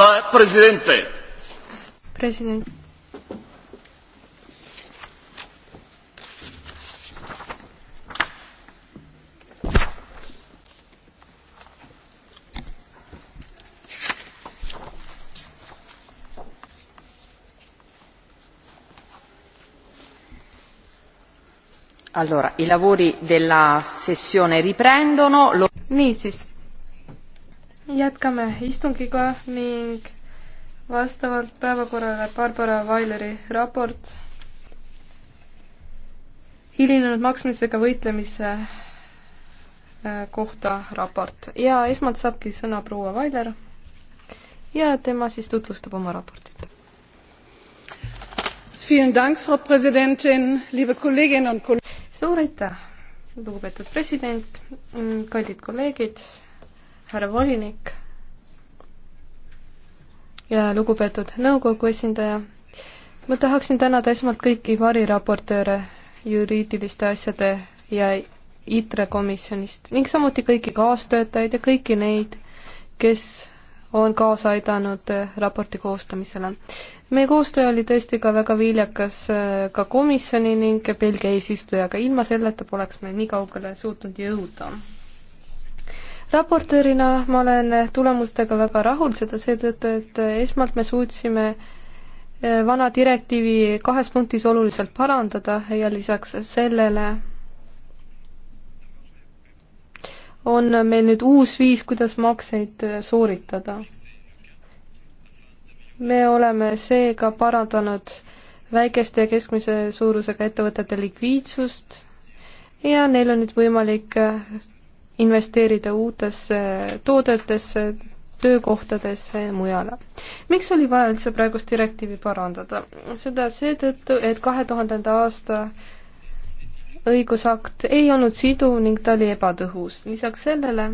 La Presidente. President. Allora, i lavori della sessione riprendono. Lo... Niisiis, jätkame istungiga ning vastavalt päevakorrale Barbara Vaileri raport hilinenud maksmisega võitlemise äh, kohta raport ja esmalt saabki sõna proua Vailer ja tema siis tutvustab oma raportit. suur aitäh, lugupeetud president, kallid kolleegid härra volinik ja lugupeetud nõukogu esindaja. ma tahaksin tänada esmalt kõiki variraportööre juriidiliste asjade ja ITRE komisjonist ning samuti kõiki kaastöötajaid ja kõiki neid, kes on kaasa aidanud raporti koostamisele. meie koostöö oli tõesti ka väga viljakas äh, ka komisjoni ning Belgia eesistujaga, ilma selleta poleks me nii kaugele suutnud jõuda raportöörina ma olen tulemustega väga rahul, seda seetõttu, et esmalt me suutsime eh, vana direktiivi kahes punktis oluliselt parandada ja lisaks sellele on meil nüüd uus viis, kuidas makseid eh, sooritada. me oleme seega parandanud väikeste ja keskmise suurusega ettevõtete likviidsust ja neil on nüüd võimalik eh, investeerida uutesse toodetesse, töökohtadesse ja mujale. miks oli vaja üldse praegust direktiivi parandada? seda seetõttu, et kahe tuhandenda aasta õigusakt ei olnud siduv ning ta oli ebatõhus. lisaks sellele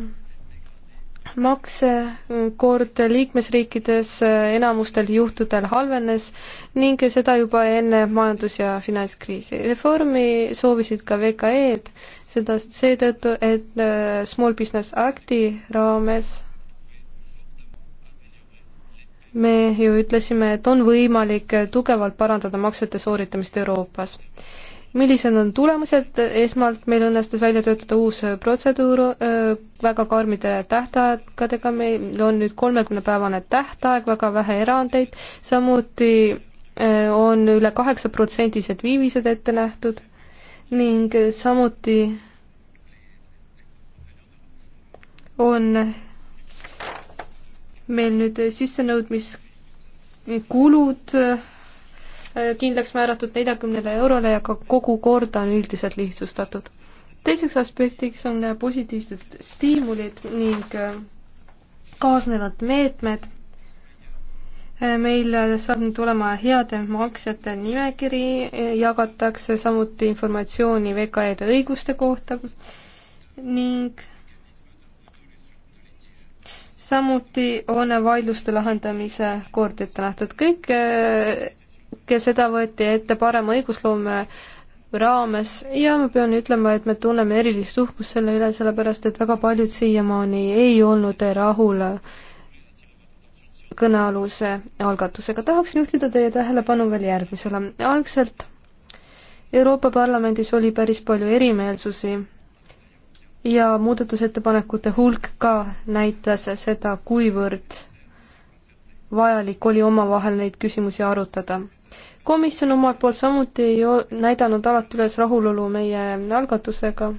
maksekord liikmesriikides enamustel juhtudel halvenes ning seda juba enne majandus- ja finantskriisi. reformi soovisid ka VKE-d, seda seetõttu, et äh, Small Business Acti raames me ju ütlesime, et on võimalik tugevalt parandada maksete sooritamist Euroopas millised on tulemused, esmalt meil õnnestus välja töötada uus protseduur väga karmide tähtaegadega, meil on nüüd kolmekümnepäevane tähtaeg, väga vähe erandeid, samuti on üle kaheksa protsendised viivised ette nähtud ning samuti on meil nüüd sissenõudmiskulud Äh, kindlaks määratud neljakümnele eurole ja ka kogu korda on üldiselt lihtsustatud. teiseks aspektiks on positiivsed stiimulid ning äh, kaasnevad meetmed. Äh, meil saab nüüd olema heade maksjate nimekiri, jagatakse samuti informatsiooni VKE-de õiguste kohta ning samuti on vaidluste lahendamise kord ette nähtud. kõik kõike seda võeti ette parema õigusloome raames ja ma pean ütlema, et me tunneme erilist uhkust selle üle, sellepärast et väga paljud siiamaani ei olnud rahul kõnealuse algatusega. tahaksin juhtida teie tähelepanu veel järgmisele. algselt Euroopa Parlamendis oli päris palju erimeelsusi ja muudatusettepanekute hulk ka näitas seda, kuivõrd vajalik oli omavahel neid küsimusi arutada komisjon omalt poolt samuti ei näidanud alati üles rahulolu meie algatusega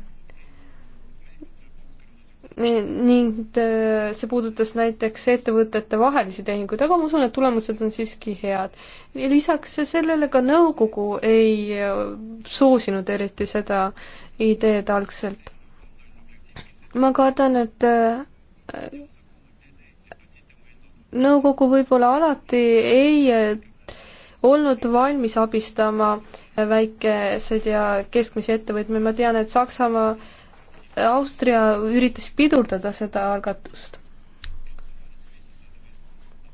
ning äh, see puudutas näiteks ettevõtete vahelisi tehinguid, aga ma usun, et tulemused on siiski head. lisaks sellele ka nõukogu ei äh, soosinud eriti seda ideed algselt. ma kardan, et äh, nõukogu võib-olla alati ei olnud valmis abistama väikeseid ja keskmisi ettevõtmeid, ma tean, et Saksamaa, Austria üritas pidurdada seda algatust.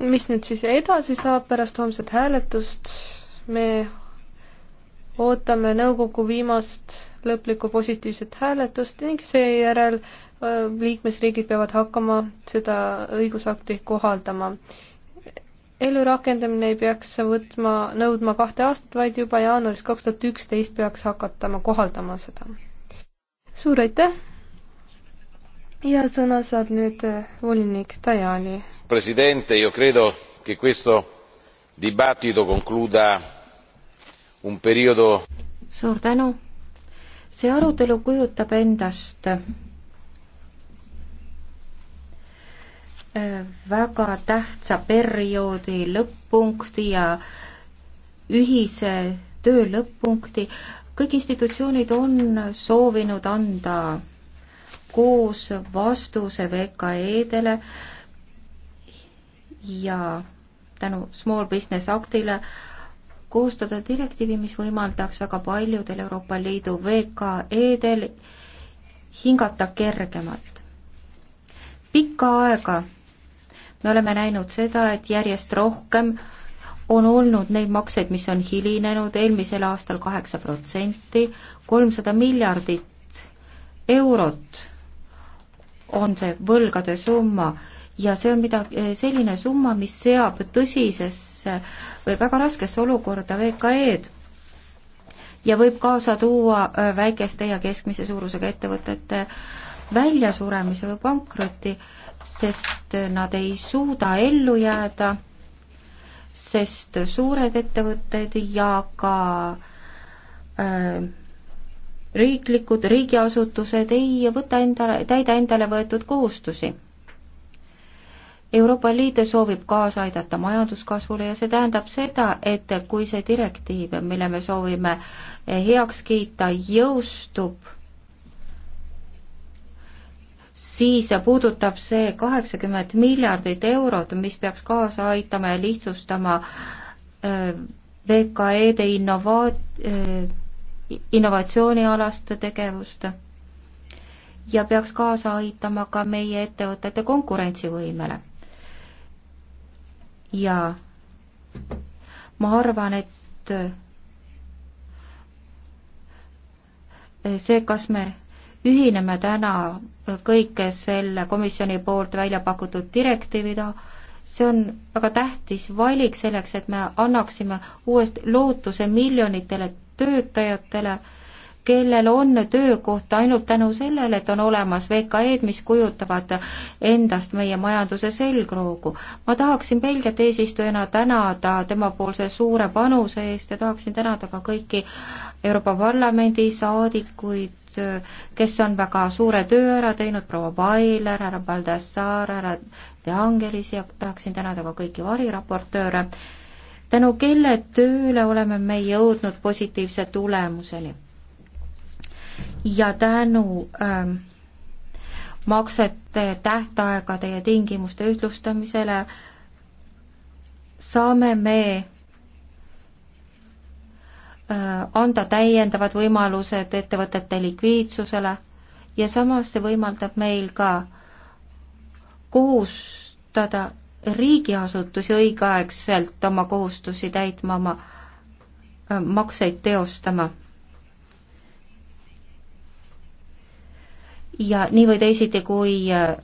mis nüüd siis edasi saab pärast homset hääletust, me ootame nõukogu viimast lõplikku positiivset hääletust ning seejärel äh, liikmesriigid peavad hakkama seda õigusakti kohaldama ellurakendamine ei peaks võtma, nõudma kahte aastat, vaid juba jaanuaris kaks tuhat üksteist peaks hakatama kohaldama seda. suur aitäh ja sõna saab nüüd eh, volinik Tajani. president, io credo che questo dibattito concluda un periodo suur tänu. see arutelu kujutab endast väga tähtsa perioodi lõpp-punkti ja ühise töö lõpp-punkti. kõik institutsioonid on soovinud anda koos vastuse VKE-dele ja tänu Small Business Actile koostada direktiivi, mis võimaldaks väga paljudel Euroopa Liidu VKE-del hingata kergemalt. pikka aega me oleme näinud seda, et järjest rohkem on olnud neid makseid, mis on hilinenud eelmisel aastal kaheksa protsenti, kolmsada miljardit eurot on see võlgade summa ja see on midagi, selline summa, mis seab tõsisesse või väga raskesse olukorda VKE-d ja võib kaasa tuua äh, väikeste ja keskmise suurusega ettevõtete väljasuremise või pankroti äh, sest nad ei suuda ellu jääda, sest suured ettevõtted ja ka äh, riiklikud riigiasutused ei võta endale, täida endale võetud kohustusi. Euroopa Liit soovib kaasa aidata majanduskasvule ja see tähendab seda, et kui see direktiiv, mille me soovime heaks kiita, jõustub siis puudutab see kaheksakümmend miljardit eurot, mis peaks kaasa aitama ja lihtsustama äh, VKE-de innova-, äh, innovatsioonialast tegevust ja peaks kaasa aitama ka meie ettevõtete konkurentsivõimele. ja ma arvan, et äh, see, kas me ühineme täna kõike selle komisjoni poolt välja pakutud direktiivida, see on väga tähtis valik selleks, et me annaksime uuest lootuse miljonitele töötajatele, kellel on töökoht ainult tänu sellele, et on olemas VKE-d, mis kujutavad endast meie majanduse selgroogu. ma tahaksin Belgiat eesistujana tänada temapoolse suure panuse eest ja tahaksin tänada ka kõiki Euroopa Parlamendi saadikuid, liikmeid, äh, kes on väga suure töö ära teinud, proua Bailer, härra Baldassar, härra De Angelis ja tahaksin tänada ka kõiki variraportööre, tänu kelle tööle oleme me jõudnud positiivse tulemuseni. ja tänu ähm, maksete tähtaegade ja tingimuste ühtlustamisele saame me Äh, anda täiendavad võimalused ettevõtete likviidsusele ja samas see võimaldab meil ka kohustada riigiasutusi õigeaegselt oma kohustusi täitma, oma äh, makseid teostama. ja nii või teisiti, kui äh,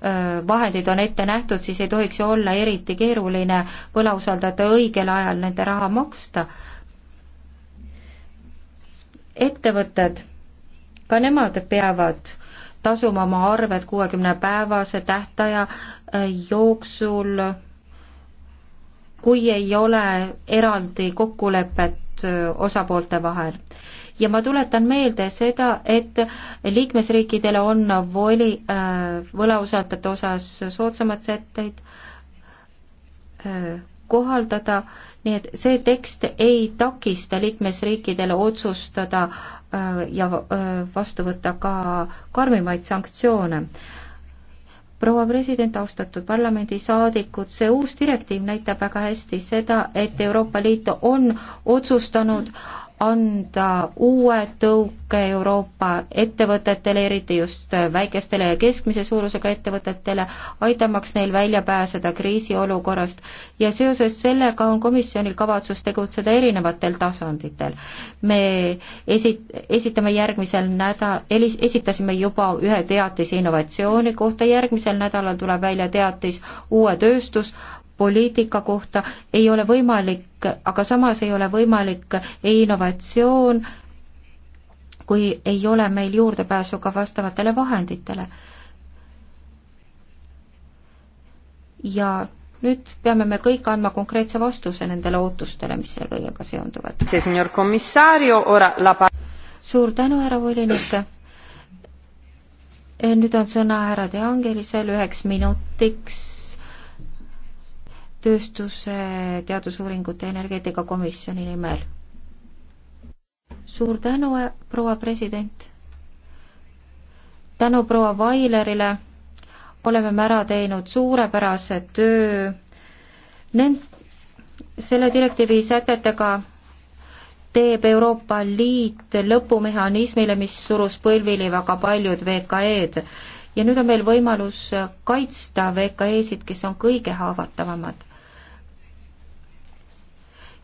vahendid on ette nähtud, siis ei tohiks ju olla eriti keeruline võlausaldajate õigel ajal nende raha maksta ettevõtted, ka nemad peavad tasuma oma arved kuuekümne päevase tähtaja äh, jooksul, kui ei ole eraldi kokkulepet äh, osapoolte vahel. ja ma tuletan meelde seda, et liikmesriikidele on voli äh, võlausaldajate osas soodsamad sätteid kohaldada nii et see tekst ei takista liikmesriikidele otsustada äh, ja äh, vastu võtta ka karmimaid sanktsioone. proua president, austatud parlamendisaadikud, see uus direktiiv näitab väga hästi seda, et Euroopa Liit on otsustanud äh, anda uue tõuke Euroopa ettevõtetele, eriti just väikestele ja keskmise suurusega ettevõtetele, aitamaks neil välja pääseda kriisiolukorrast ja seoses sellega on komisjonil kavatsus tegutseda erinevatel tasanditel. me esi-, esitame järgmisel nädal, esitasime juba ühe teatise innovatsiooni kohta, järgmisel nädalal tuleb välja teatis uue tööstus, poliitika kohta ei ole võimalik, aga samas ei ole võimalik ei innovatsioon, kui ei ole meil juurdepääsu ka vastavatele vahenditele. ja nüüd peame me kõik andma konkreetse vastuse nendele ootustele, mis selle kõigega seonduvad. suur tänu, härra volinik. Eh, nüüd on sõna härra De Angelisel üheks minutiks tööstuse, teadusuuringute ja energeetika komisjoni nimel. suur tänu, eh, proua president! tänu proua Vailerile oleme me ära teinud suurepärase töö Nend-, selle direktiivi sätetega teeb Euroopa Liit lõpumehhanismile, mis surus põlvili väga paljud VKE-d ja nüüd on meil võimalus kaitsta VKE-sid, kes on kõige haavatavamad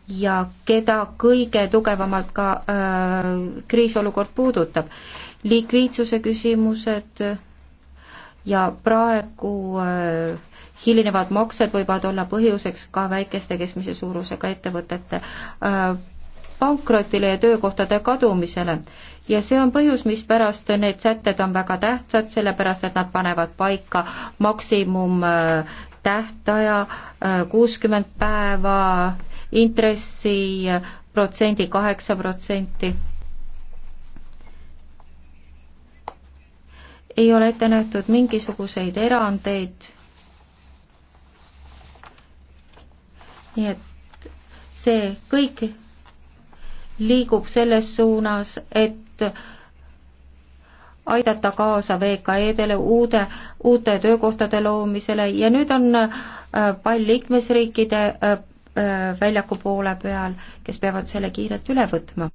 ja keda kõige tugevamalt ka äh, kriisiolukord puudutab. likviidsuse küsimused ja praegu äh, hilinevad maksed võivad olla põhjuseks ka väikeste keskmise suurusega ettevõtete äh, pankrotile ja töökohtade kadumisele. ja see on põhjus, mispärast need sätted on väga tähtsad, sellepärast et nad panevad paika maksimum äh, tähtaja äh, kuuskümmend päeva, intressi äh, protsendi kaheksa protsenti. ei ole ette nähtud mingisuguseid erandeid. nii et see kõik liigub selles suunas, et aidata kaasa VKE-dele, uude, uute töökohtade loomisele ja nüüd on äh, pall liikmesriikide äh, äh, väljaku poole peal, kes peavad selle kiirelt üle võtma.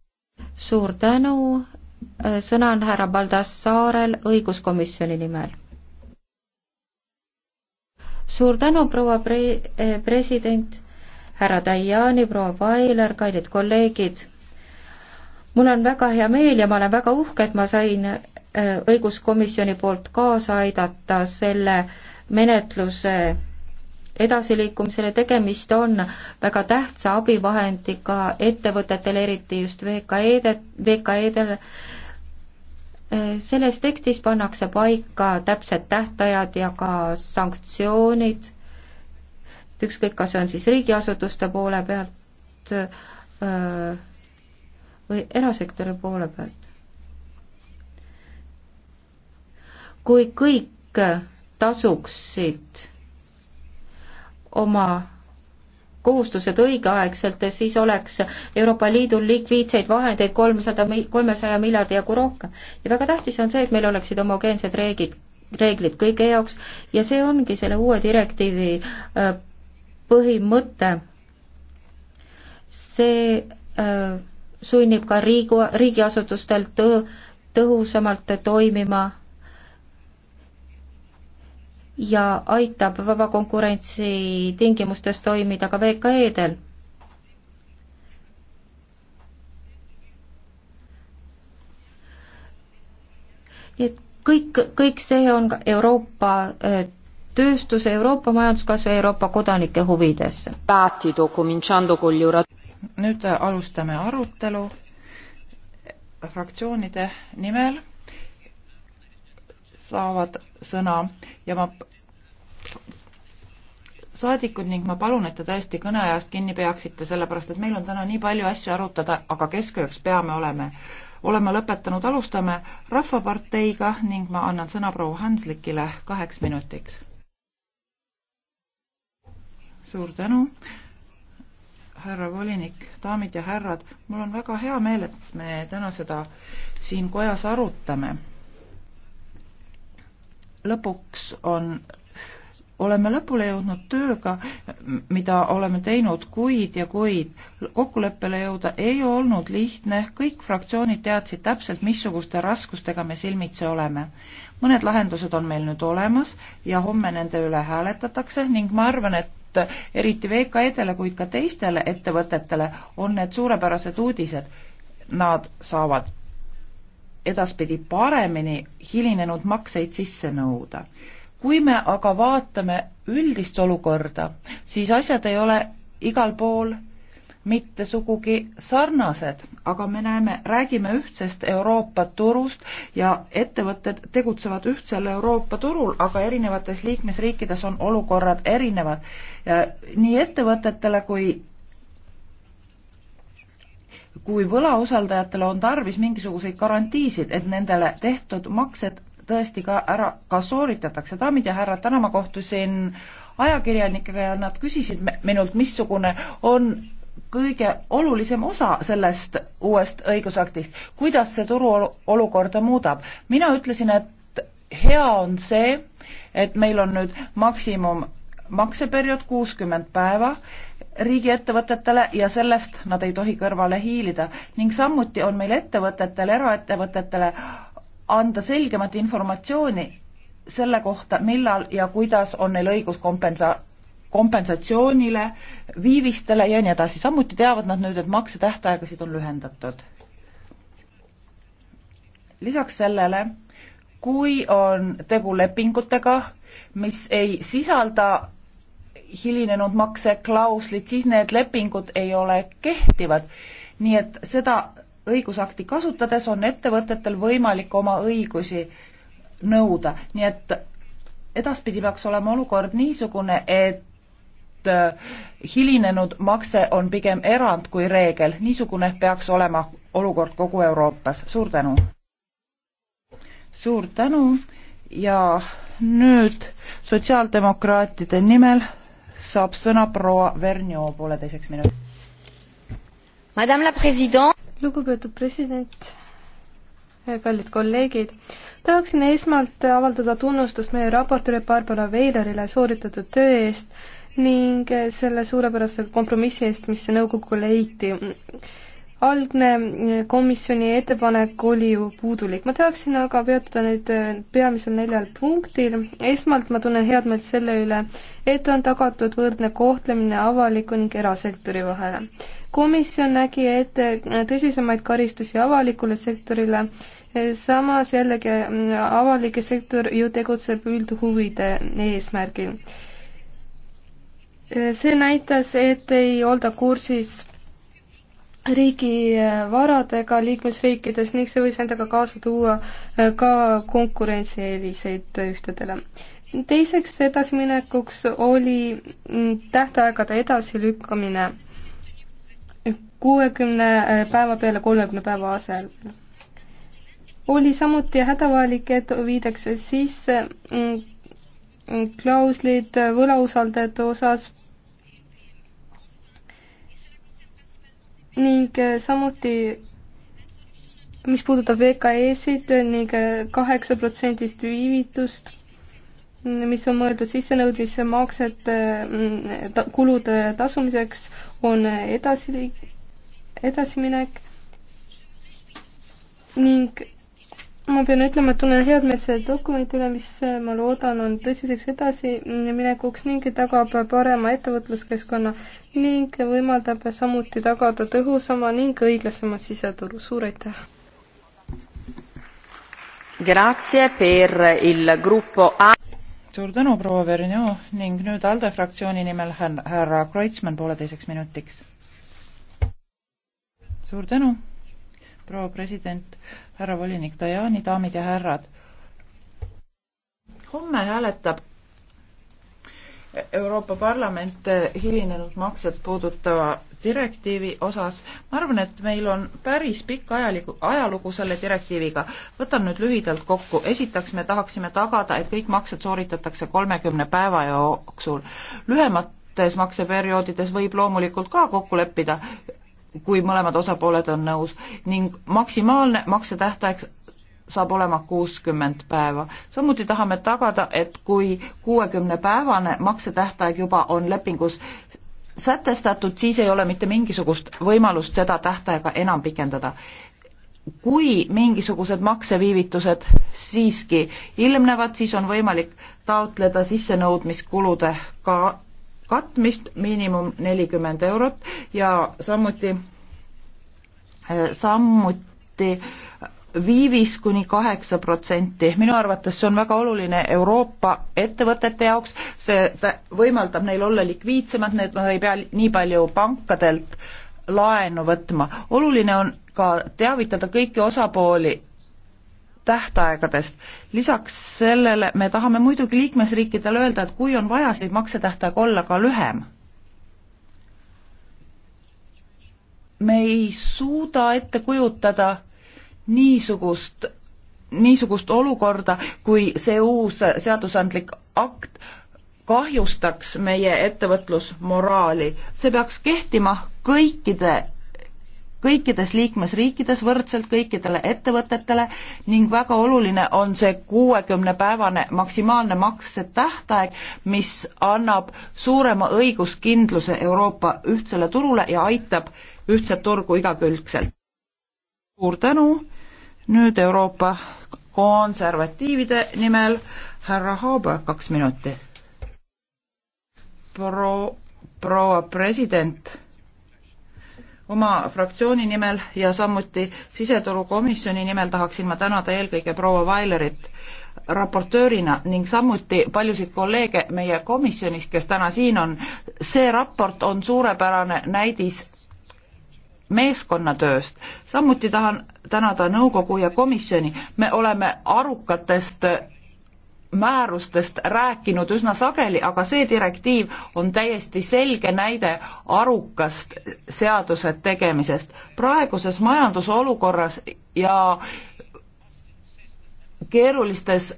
suur tänu, sõna on härra Baldassarel õiguskomisjoni nimel. suur tänu, proua pre-, president, härra Tajani, proua Vailer, kallid kolleegid mul on väga hea meel ja ma olen väga uhke, et ma sain Äh, õiguskomisjoni poolt kaasa aidata selle menetluse edasiliikumisele, tegemist on väga tähtsa abivahendiga ettevõtetele, eriti just VKE-de, VKE-dele. Äh, selles tekstis pannakse paika täpsed tähtajad ja ka sanktsioonid, et ükskõik, kas see on siis riigiasutuste poole pealt öö, äh, või erasektori poole pealt kui kõik tasuksid oma kohustused õigeaegselt, siis oleks Euroopa Liidul likviidseid vahendeid kolmsada, kolmesaja miljardi jagu rohkem. ja väga tähtis on see, et meil oleksid homogeensed reeglid, reeglid kõige jaoks ja see ongi selle uue direktiivi äh, põhimõte. see äh, sunnib ka riigu, riigiasutustelt tõhusamalt toimima ja aitab vaba konkurentsi tingimustes toimida ka VKE-del. nii et kõik, kõik see on Euroopa äh, tööstuse, Euroopa majanduskasvu ja Euroopa kodanike huvides. nüüd alustame arutelu fraktsioonide nimel saavad sõna ja ma saadikud ning ma palun, et te tõesti kõneajast kinni peaksite, sellepärast et meil on täna nii palju asju arutada, aga keskööks peame olema. oleme lõpetanud, alustame Rahvaparteiga ning ma annan sõna proua Hanslikile kaheks minutiks. suur tänu, härra volinik, daamid ja härrad, mul on väga hea meel, et me täna seda siin kojas arutame lõpuks on oleme lõpule jõudnud tööga, mida oleme teinud kuid ja kuid. kokkuleppele jõuda ei olnud lihtne, kõik fraktsioonid teadsid täpselt, missuguste raskustega me silmitsi oleme. mõned lahendused on meil nüüd olemas ja homme nende üle hääletatakse ning ma arvan, et eriti VKE-dele, kuid ka teistele ettevõtetele on need suurepärased uudised. Nad saavad edaspidi paremini hilinenud makseid sisse nõuda. kui me aga vaatame üldist olukorda, siis asjad ei ole igal pool mitte sugugi sarnased, aga me näeme, räägime ühtsest Euroopa turust ja ettevõtted tegutsevad ühtsel Euroopa turul, aga erinevates liikmesriikides on olukorrad erinevad. nii ettevõtetele kui kui võlausaldajatele on tarvis mingisuguseid garantiisid, et nendele tehtud maksed tõesti ka ära, ka sooritatakse. daamid ja härrad, täna ma kohtusin ajakirjanikega ja nad küsisid minult, missugune on kõige olulisem osa sellest uuest õigusaktist, kuidas see turuolukorda muudab. mina ütlesin, et hea on see, et meil on nüüd maksimum makseperiood kuuskümmend päeva riigiettevõtetele ja sellest nad ei tohi kõrvale hiilida ning samuti on meil ettevõtetele, eraettevõtetele anda selgemat informatsiooni selle kohta, millal ja kuidas on neil õigus kompensa-, kompensatsioonile, viivistele ja nii edasi, samuti teavad nad nüüd, et maksetähtaegasid on lühendatud. lisaks sellele, kui on tegu lepingutega, mis ei sisalda hilinenud makseklauslid, siis need lepingud ei ole kehtivad. nii et seda õigusakti kasutades on ettevõtetel võimalik oma õigusi nõuda, nii et edaspidi peaks olema olukord niisugune, et äh, hilinenud makse on pigem erand kui reegel, niisugune peaks olema olukord kogu Euroopas, suur tänu! suur tänu ja nüüd sotsiaaldemokraatide nimel saab sõna proua Vernio pooleteiseks minutiks. Madame la president. lugupeetud president, kallid kolleegid, tahaksin esmalt avaldada tunnustust meie raportööri Barbara Veilerile sooritatud töö eest ning selle suurepärase kompromissi eest, mis nõukogule leiti algne eh, komisjoni ettepanek oli ju puudulik. ma tahaksin aga peatuda nüüd eh, peamisel neljal punktil. esmalt ma tunnen head meelt selle üle, et on tagatud võrdne kohtlemine avaliku ning erasektori vahele. komisjon nägi ette eh, tõsisemaid karistusi avalikule sektorile, samas jällegi mm, avalik sektor ju tegutseb üldhuvide eesmärgil. see näitas, et ei olda kursis riigivaradega liikmesriikides ning see võis endaga kaasa tuua äh, ka konkurentsieeliseid ühtedele. teiseks edasiminekuks oli mm, tähtaegade edasilükkamine kuuekümne äh, päeva peale kolmekümne päeva asemel. oli samuti hädavajalik, et viidakse sisse mm, mm, klauslid võlausaldajate osas ning äh, samuti mis puudutab VKE-sid ning äh, kaheksa protsendist viivitust, mis on mõeldud sissenõudmisse maksete äh, ta, kulude tasumiseks, on edasi, edasiminek ning ma pean ütlema, et tunnen head meelt selle dokumendi üle, mis äh, ma loodan, on tõsiseks edasiminekuks ning tagab parema ettevõtluskeskkonna ning võimaldab samuti tagada tõhusama ning õiglasema siseturu. suur aitäh! suur tänu, proua Vernio ning nüüd ALDE fraktsiooni nimel härra Kreutzmann pooleteiseks minutiks. suur tänu, proua president härra volinik Dajani, daamid ja härrad. homme hääletab Euroopa Parlament hilinenud maksed puudutava direktiivi osas. ma arvan, et meil on päris pikk ajaligu, ajalugu selle direktiiviga. võtan nüüd lühidalt kokku. esiteks me tahaksime tagada, et kõik maksed sooritatakse kolmekümne päeva jooksul. lühemates makseperioodides võib loomulikult ka kokku leppida kui mõlemad osapooled on nõus ning maksimaalne maksetähtaeg saab olema kuuskümmend päeva. samuti tahame tagada, et kui kuuekümne päevane maksetähtaeg juba on lepingus sätestatud, siis ei ole mitte mingisugust võimalust seda tähtaega enam pikendada. kui mingisugused makseviivitused siiski ilmnevad, siis on võimalik taotleda sissenõudmiskulude ka katmist, miinimum nelikümmend eurot ja samuti, eh, samuti viivis kuni kaheksa protsenti. minu arvates see on väga oluline Euroopa ettevõtete jaoks, see võimaldab neil olla likviidsemad, need, nad ei pea nii palju pankadelt laenu võtma. oluline on ka teavitada kõiki osapooli tähtaegadest. lisaks sellele me tahame muidugi liikmesriikidele öelda, et kui on vaja, siis võib maksetähtaeg olla ka lühem. me ei suuda ette kujutada niisugust, niisugust olukorda, kui see uus seadusandlik akt kahjustaks meie ettevõtlusmoraali. see peaks kehtima kõikide kõikides liikmesriikides võrdselt kõikidele ettevõtetele ning väga oluline on see kuuekümnepäevane maksimaalne maksetähtaeg, mis annab suurema õiguskindluse Euroopa ühtsele turule ja aitab ühtset turgu igakülgselt. suur tänu, nüüd Euroopa konservatiivide nimel härra Haaber, kaks minutit. Pro-, proua president oma fraktsiooni nimel ja samuti siseturukomisjoni nimel tahaksin ma tänada eelkõige proua Vailerit raportöörina ning samuti paljusid kolleege meie komisjonist, kes täna siin on. see raport on suurepärane näidis meeskonnatööst. samuti tahan tänada nõukogu ja komisjoni, me oleme arukatest määrustest rääkinud üsna sageli, aga see direktiiv on täiesti selge näide arukast seaduse tegemisest. praeguses majandusolukorras ja keerulistes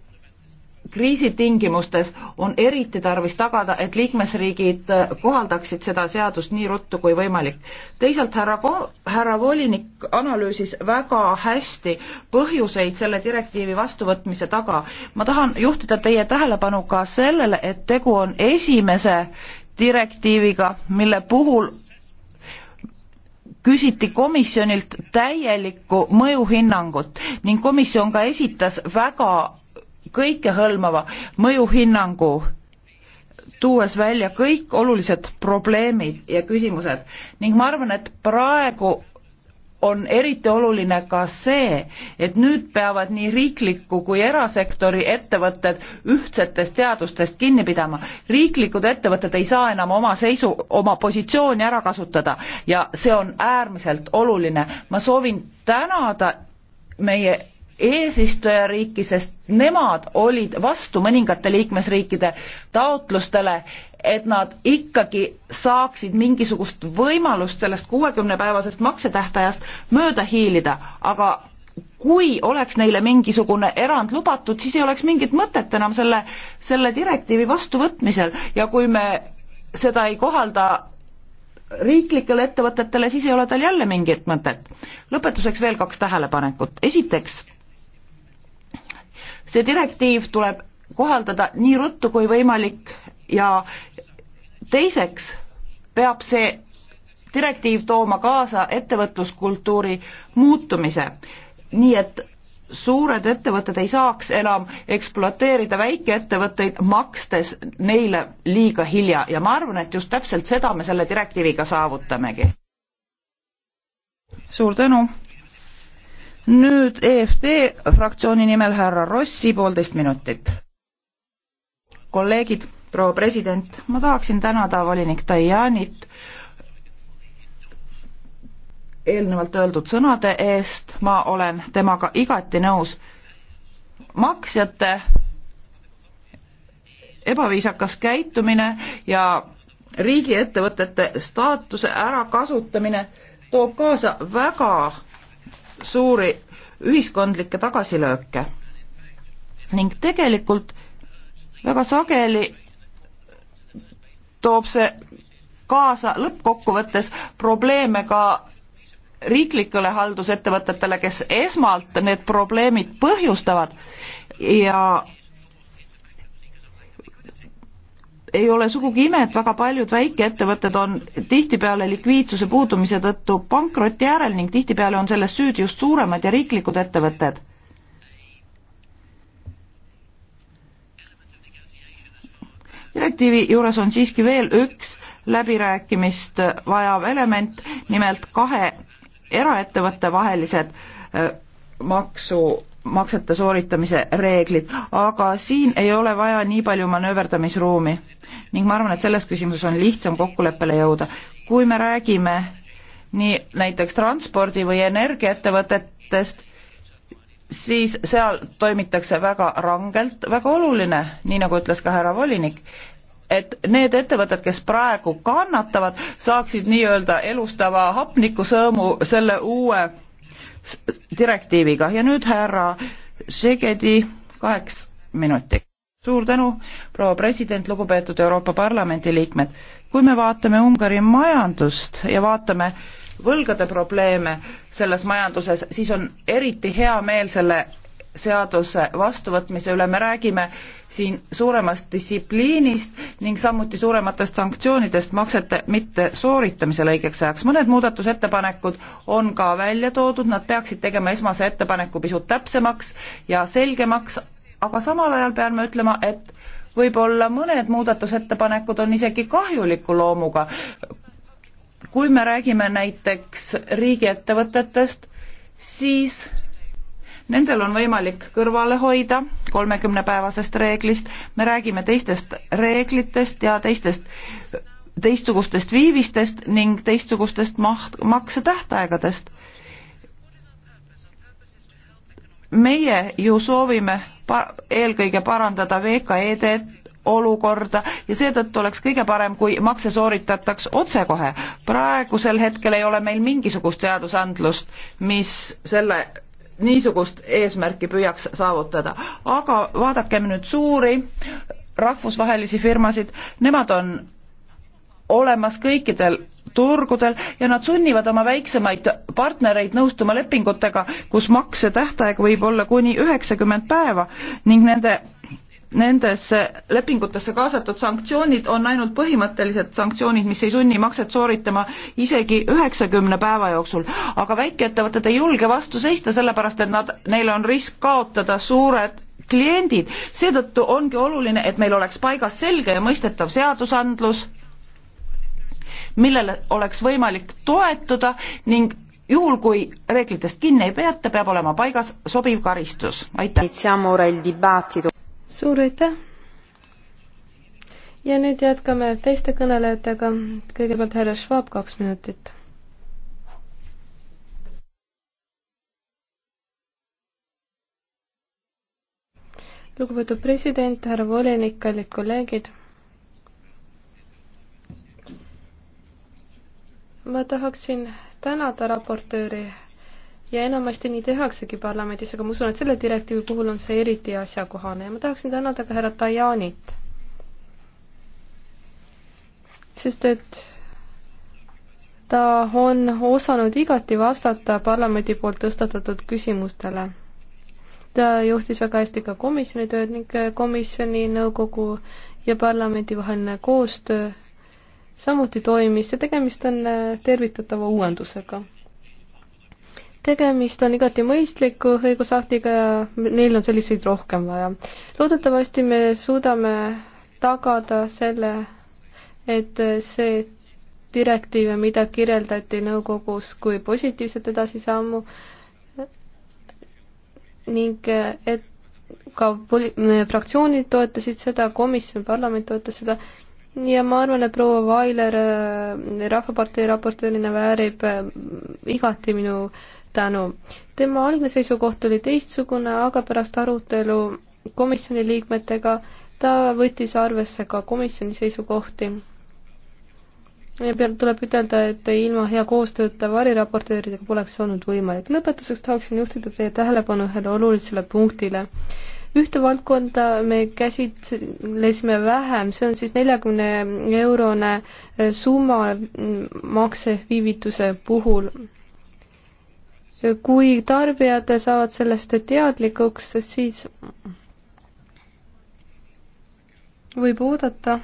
kriisitingimustes on eriti tarvis tagada, et liikmesriigid äh, kohaldaksid seda seadust nii ruttu kui võimalik. teisalt härra ko-, härra volinik analüüsis väga hästi põhjuseid selle direktiivi vastuvõtmise taga. ma tahan juhtida teie tähelepanu ka sellele, et tegu on esimese direktiiviga, mille puhul küsiti komisjonilt täielikku mõjuhinnangut ning komisjon ka esitas väga kõikehõlmava mõjuhinnangu, tuues välja kõik olulised probleemid ja küsimused ning ma arvan, et praegu on eriti oluline ka see, et nüüd peavad nii riikliku kui erasektori ettevõtted ühtsetest seadustest kinni pidama. riiklikud ettevõtted ei saa enam oma seisu, oma positsiooni ära kasutada ja see on äärmiselt oluline. ma soovin tänada meie eesistujariiki, sest nemad olid vastu mõningate liikmesriikide taotlustele, et nad ikkagi saaksid mingisugust võimalust sellest kuuekümnepäevasest maksetähtajast mööda hiilida, aga kui oleks neile mingisugune erand lubatud, siis ei oleks mingit mõtet enam selle, selle direktiivi vastuvõtmisel ja kui me seda ei kohalda riiklikele ettevõtetele, siis ei ole tal jälle mingit mõtet. lõpetuseks veel kaks tähelepanekut. esiteks, see direktiiv tuleb kohaldada nii ruttu kui võimalik ja teiseks peab see direktiiv tooma kaasa ettevõtluskultuuri muutumise, nii et suured ettevõtted ei saaks enam ekspluateerida väikeettevõtteid, makstes neile liiga hilja ja ma arvan, et just täpselt seda me selle direktiiviga saavutamegi. suur tänu! nüüd EFD fraktsiooni nimel härra Rossi, poolteist minutit. kolleegid, proua president, ma tahaksin tänada volinik Dajanit eelnevalt öeldud sõnade eest, ma olen temaga igati nõus. maksjate ebaviisakas käitumine ja riigiettevõtete staatuse ärakasutamine toob kaasa väga suuri ühiskondlikke tagasilööke ning tegelikult väga sageli toob see kaasa lõppkokkuvõttes probleeme ka riiklikele haldusettevõtetele, kes esmalt need probleemid põhjustavad ja ei ole sugugi ime, et väga paljud väikeettevõtted on tihtipeale likviidsuse puudumise tõttu pankroti järel ning tihtipeale on selles süüdi just suuremad ja riiklikud ettevõtted. direktiivi juures on siiski veel üks läbirääkimist vajav element, nimelt kahe eraettevõtte vahelised äh, maksu maksete sooritamise reeglid, aga siin ei ole vaja nii palju manööverdamisruumi. ning ma arvan, et selles küsimuses on lihtsam kokkuleppele jõuda. kui me räägime nii näiteks transpordi- või energiaettevõtetest, siis seal toimitakse väga rangelt, väga oluline, nii nagu ütles ka härra volinik, et need ettevõtted, kes praegu kannatavad, saaksid nii-öelda elustava hapnikusõõmu selle uue direktiiviga ja nüüd härra Segedi kaheks minutiks. suur tänu, proua president, lugupeetud Euroopa Parlamendi liikmed. kui me vaatame Ungari majandust ja vaatame võlgade probleeme selles majanduses, siis on eriti hea meel selle seaduse vastuvõtmise üle, me räägime siin suuremast distsipliinist ning samuti suurematest sanktsioonidest maksete mitte sooritamisel õigeks ajaks. mõned muudatusettepanekud on ka välja toodud, nad peaksid tegema esmase ettepaneku pisut täpsemaks ja selgemaks, aga samal ajal pean ma ütlema, et võib-olla mõned muudatusettepanekud on isegi kahjuliku loomuga. kui me räägime näiteks riigiettevõtetest, siis Nendel on võimalik kõrvale hoida kolmekümnepäevasest reeglist, me räägime teistest reeglitest ja teistest teistsugustest viivistest ning teistsugustest maht-, maksetähtaegadest. meie ju soovime pa-, eelkõige parandada VKE-de olukorda ja seetõttu oleks kõige parem, kui makse sooritataks otsekohe. praegusel hetkel ei ole meil mingisugust seadusandlust, mis selle niisugust eesmärki püüaks saavutada. aga vaadakem nüüd suuri rahvusvahelisi firmasid, nemad on olemas kõikidel turgudel ja nad sunnivad oma väiksemaid partnereid nõustuma lepingutega, kus maksetähtaeg võib olla kuni üheksakümmend päeva ning nende nendesse lepingutesse kaasatud sanktsioonid on ainult põhimõttelised sanktsioonid, mis ei sunni makset sooritama isegi üheksakümne päeva jooksul. aga väikeettevõtted ei julge vastu seista, sellepärast et nad, neil on risk kaotada suured kliendid, seetõttu ongi oluline, et meil oleks paigas selge ja mõistetav seadusandlus, millele oleks võimalik toetuda ning juhul, kui reeglitest kinni ei peeta, peab olema paigas sobiv karistus. aitäh! suur aitäh! ja nüüd jätkame teiste kõnelejatega, kõigepealt härra Schwab, kaks minutit. lugupeetud president, härra volinik, kallid kolleegid ma tahaksin tänada raportööri ja enamasti nii tehaksegi parlamendis, aga ma usun, et selle direktiivi puhul on see eriti asjakohane ja ma tahaksin tänada ka härra Tajanit. sest et ta on osanud igati vastata parlamendi poolt tõstatatud küsimustele. ta juhtis väga hästi ka komisjoni tööd ning komisjoni, nõukogu ja parlamendi vaheline koostöö samuti toimis ja tegemist on tervitatava uuendusega tegemist on igati mõistliku õigusaktiga ja neil on selliseid rohkem vaja. loodetavasti me suudame tagada selle, et see direktiive, mida kirjeldati nõukogus kui positiivset edasisammu ning et ka poli-, fraktsioonid toetasid seda, komisjon, parlament toetas seda ja ma arvan, et proua Vailer äh, Rahvapartei raportöörina väärib äh, igati minu tänu. tema algne seisukoht oli teistsugune, aga pärast arutelu komisjoni liikmetega ta võttis arvesse ka komisjoni seisukohti. ja peale tuleb ütelda, et ilma hea koostööta variraportööridega poleks olnud võimalik. lõpetuseks tahaksin juhtida teie tähelepanu ühele olulisele punktile. ühte valdkonda me käsitlesime vähem, see on siis neljakümne eurone summa makseviivituse puhul kui tarbijad saavad sellest teadlikuks, siis võib oodata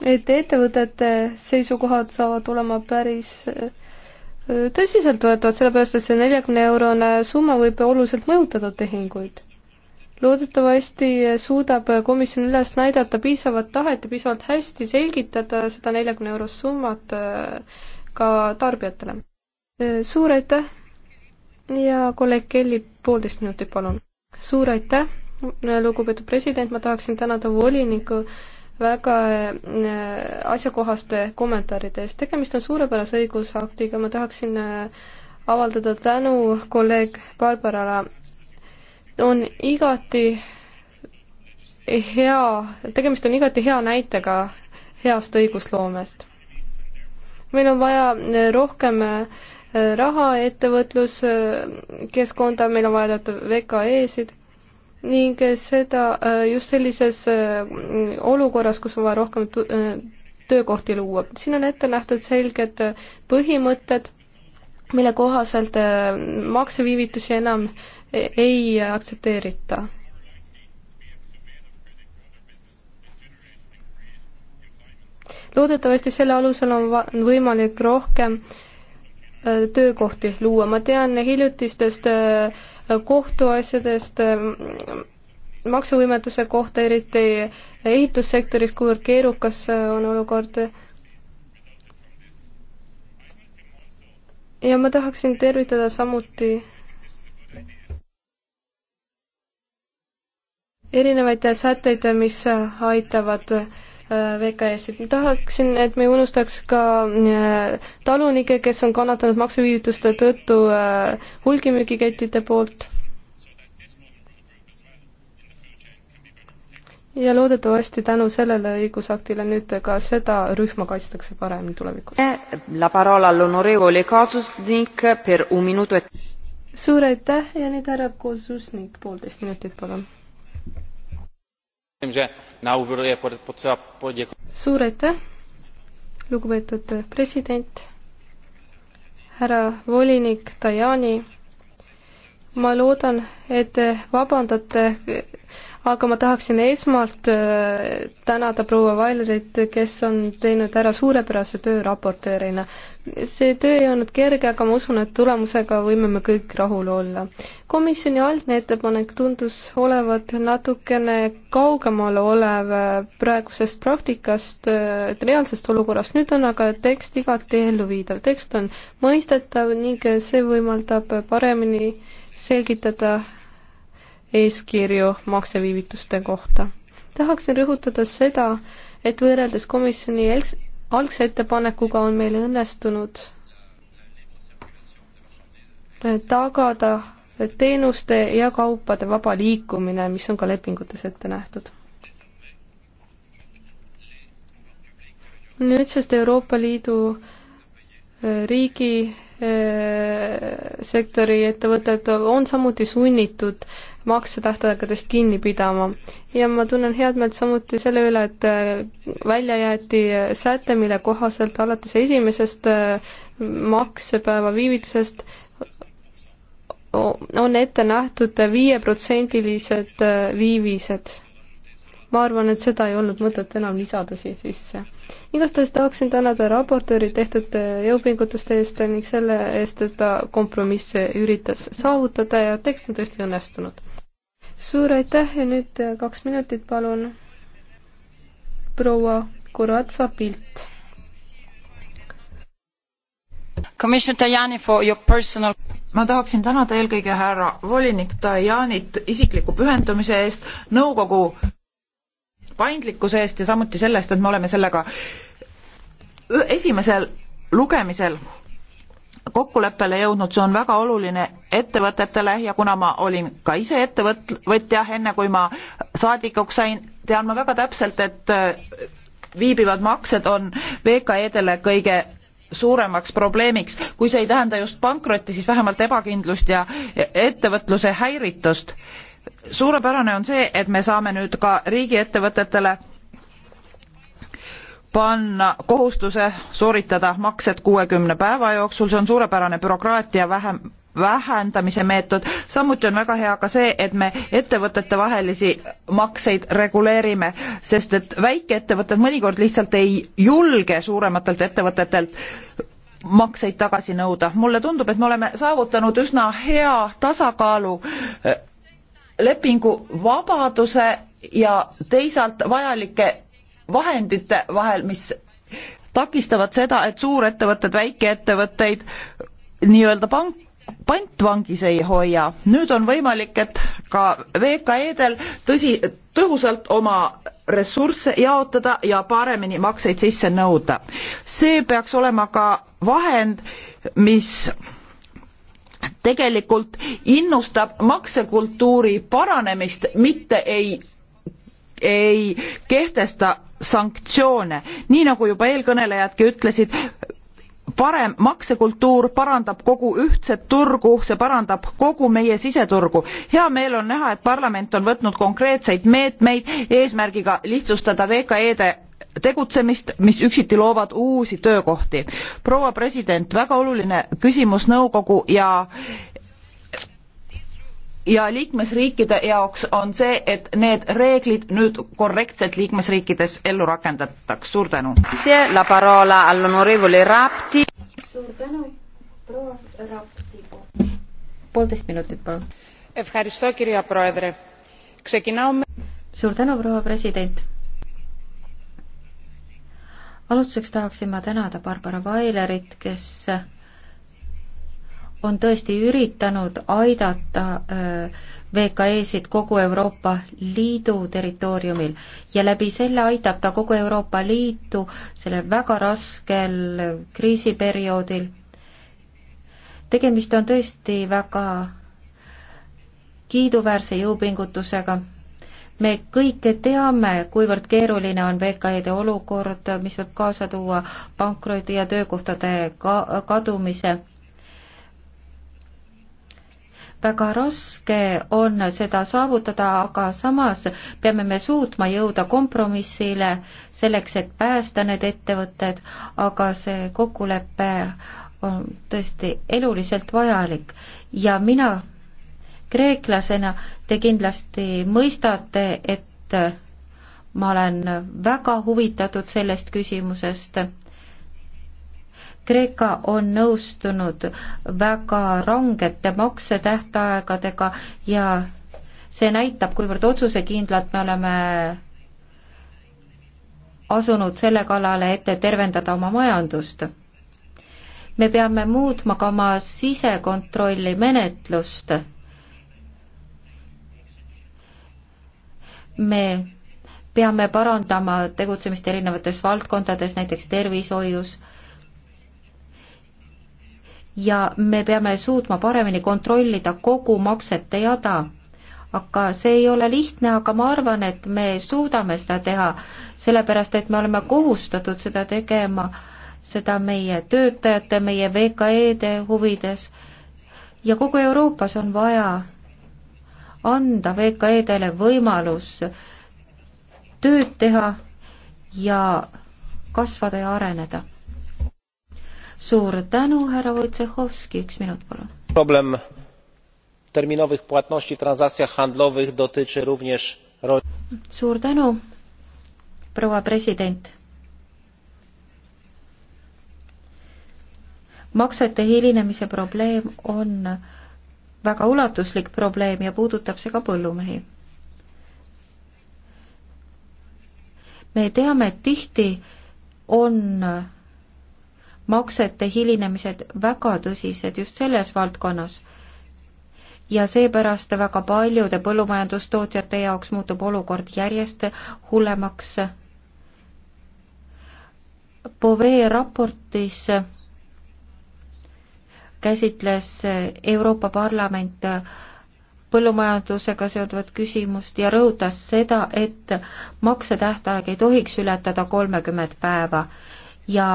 et ettevõtete seisukohad saavad olema päris äh, tõsiseltvõetavad, sellepärast et see neljakümne eurone summa võib oluliselt mõjutada tehinguid loodetavasti suudab komisjon üles näidata piisavat tahet ja piisavalt hästi selgitada seda neljakümne eurost summat äh, ka tarbijatele. Äh, suur aitäh ja kolleeg Kelly, poolteist minutit, palun. suur aitäh, lugupeetud president, ma tahaksin tänada voliniku väga äh, asjakohaste kommentaaride eest. tegemist on suurepärase õigusaktiga, ma tahaksin avaldada tänu kolleeg Barbarale on igati hea, tegemist on igati hea näitega heast õigusloomest. meil on vaja rohkem äh, raha ettevõtluskeskkonda, äh, meil on vaja teatud VKE-sid ning seda äh, just sellises olukorras, kus on vaja rohkem töökohti luua. siin on ette nähtud selged põhimõtted, mille kohaselt makseviivitusi enam ei aktsepteerita. loodetavasti selle alusel on võimalik rohkem äh, töökohti luua, ma tean hiljutistest äh, kohtuasjadest äh, maksuvõimetuse kohta, eriti ehitussektoris, kuivõrd keerukas on olukord. ja ma tahaksin tervitada samuti erinevaid sätteid, mis aitavad äh, VKS-id. ma tahaksin, et me ei unustaks ka äh, talunikke, kes on kannatanud maksuviivituste tõttu äh, hulgimüügikettide poolt. ja loodetavasti tänu sellele õigusaktile nüüd ka seda rühma kaitstakse paremini tulevikus. suur aitäh ja nüüd härra Kozusnik, poolteist minutit, palun suur aitäh, lugupeetud president, härra volinik Tajani ma loodan, et te vabandate, aga ma tahaksin esmalt äh, tänada proua Valerit, kes on teinud ära suurepärase töö raportöörina. see töö ei olnud kerge, aga ma usun, et tulemusega võime me kõik rahul olla. komisjoni algne ettepanek tundus olevat natukene kaugemal olev äh, praegusest praktikast, äh, reaalsest olukorrast, nüüd on aga tekst igati elluviidav, tekst on mõistetav ning see võimaldab paremini selgitada eeskirju makseviivituste kohta. tahaksin rõhutada seda, et võrreldes komisjoni algse ettepanekuga on meil õnnestunud tagada teenuste ja kaupade vaba liikumine, mis on ka lepingutes ette nähtud. nüüdsest Euroopa Liidu äh, riigi Äh, sektori ettevõtted on samuti sunnitud maksetähtaegadest kinni pidama. ja ma tunnen head meelt samuti selle üle, et äh, välja jäeti äh, säte, mille kohaselt alates esimesest maksepäeva viivitusest on ette nähtud viieprotsendilised viivised ma arvan, et seda ei olnud mõtet enam lisada siia sisse. igastahes tahaksin tänada raportööri tehtud äh, jõupingutuste eest ning selle eest, et ta kompromisse üritas saavutada ja tekst on tõesti õnnestunud. suur aitäh ja nüüd äh, kaks minutit, palun, proua Kuratsa pilt. Commissioner Tajani for your personal ma tahaksin tänada eelkõige härra volinik Tajanit isikliku pühendumise eest nõukogu paindlikkuse eest ja samuti selle eest, et me oleme sellega esimesel lugemisel kokkuleppele jõudnud, see on väga oluline ettevõtetele ja kuna ma olin ka ise ettevõtja, enne kui ma saadikuks sain, tean ma väga täpselt, et äh, viibivad maksed on VKE-dele kõige suuremaks probleemiks, kui see ei tähenda just pankrotti, siis vähemalt ebakindlust ja ettevõtluse häiritust suurepärane on see, et me saame nüüd ka riigiettevõtetele panna kohustuse sooritada maksed kuuekümne päeva jooksul, see on suurepärane bürokraatia vähem, vähendamise meetod, samuti on väga hea ka see, et me ettevõtete vahelisi makseid reguleerime, sest et väikeettevõtted mõnikord lihtsalt ei julge suurematelt ettevõtetelt makseid tagasi nõuda. mulle tundub, et me oleme saavutanud üsna hea tasakaalu lepingu vabaduse ja teisalt vajalike vahendite vahel, mis takistavad seda, et suurettevõtted väikeettevõtteid nii-öelda pank-, pantvangis ei hoia. nüüd on võimalik, et ka VKE-del tõsi, tõhusalt oma ressursse jaotada ja paremini makseid sisse nõuda. see peaks olema ka vahend, mis tegelikult innustab maksekultuuri paranemist, mitte ei, ei kehtesta sanktsioone. nii nagu juba eelkõnelejadki ütlesid, parem maksekultuur parandab kogu ühtset turgu, see parandab kogu meie siseturgu. hea meel on näha, et parlament on võtnud konkreetseid meetmeid eesmärgiga lihtsustada VKE-de tegutsemist, mis üksiti loovad uusi töökohti. proua president, väga oluline küsimus nõukogu ja ja liikmesriikide jaoks on see, et need reeglid nüüd korrektselt liikmesriikides ellu rakendataks. suur tänu. suur tänu, proua Rapti. poolteist minutit, palun. suur tänu, proua president alustuseks tahaksin ma tänada Barbara Vailerit, kes on tõesti üritanud aidata äh, VKE-sid kogu Euroopa Liidu territooriumil ja läbi selle aitab ta kogu Euroopa Liitu sellel väga raskel äh, kriisiperioodil. tegemist on tõesti väga kiiduväärse jõupingutusega me kõik teame, kuivõrd keeruline on VKE-de olukord, mis võib kaasa tuua pankroti ja töökohtade ka-, kadumise. väga raske on seda saavutada, aga samas peame me suutma jõuda kompromissile selleks, et päästa need ettevõtted, aga see kokkulepe on tõesti eluliselt vajalik ja mina kreeklasena te kindlasti mõistate, et ma olen väga huvitatud sellest küsimusest. Kreeka on nõustunud väga rangete maksetähtaegadega ja see näitab, kuivõrd otsusekindlalt me oleme asunud selle kallale, et tervendada oma majandust. me peame muutma ka oma sisekontrolli menetlust me peame parandama tegutsemist erinevates valdkondades, näiteks tervishoius, ja me peame suutma paremini kontrollida kogu maksete jada. aga see ei ole lihtne, aga ma arvan, et me suudame seda teha, sellepärast et me oleme kohustatud seda tegema, seda meie töötajate, meie VKE-de huvides ja kogu Euroopas on vaja anda VKE-dele võimalus tööd teha ja kasvada ja areneda. suur tänu, härra Wojciechowski, üks minut palun. probleem terminowych płatności w transakcjach handlowych dotyczy również suur tänu, proua president. maksete hilinemise probleem on väga ulatuslik probleem ja puudutab see ka põllumehi. me teame, et tihti on maksete hilinemised väga tõsised just selles valdkonnas ja seepärast väga paljude põllumajandustootjate jaoks muutub olukord järjest hullemaks. Bovee raportis käsitles Euroopa Parlament põllumajandusega seonduvat küsimust ja rõhutas seda, et maksetähtaeg ei tohiks ületada kolmekümmet päeva. ja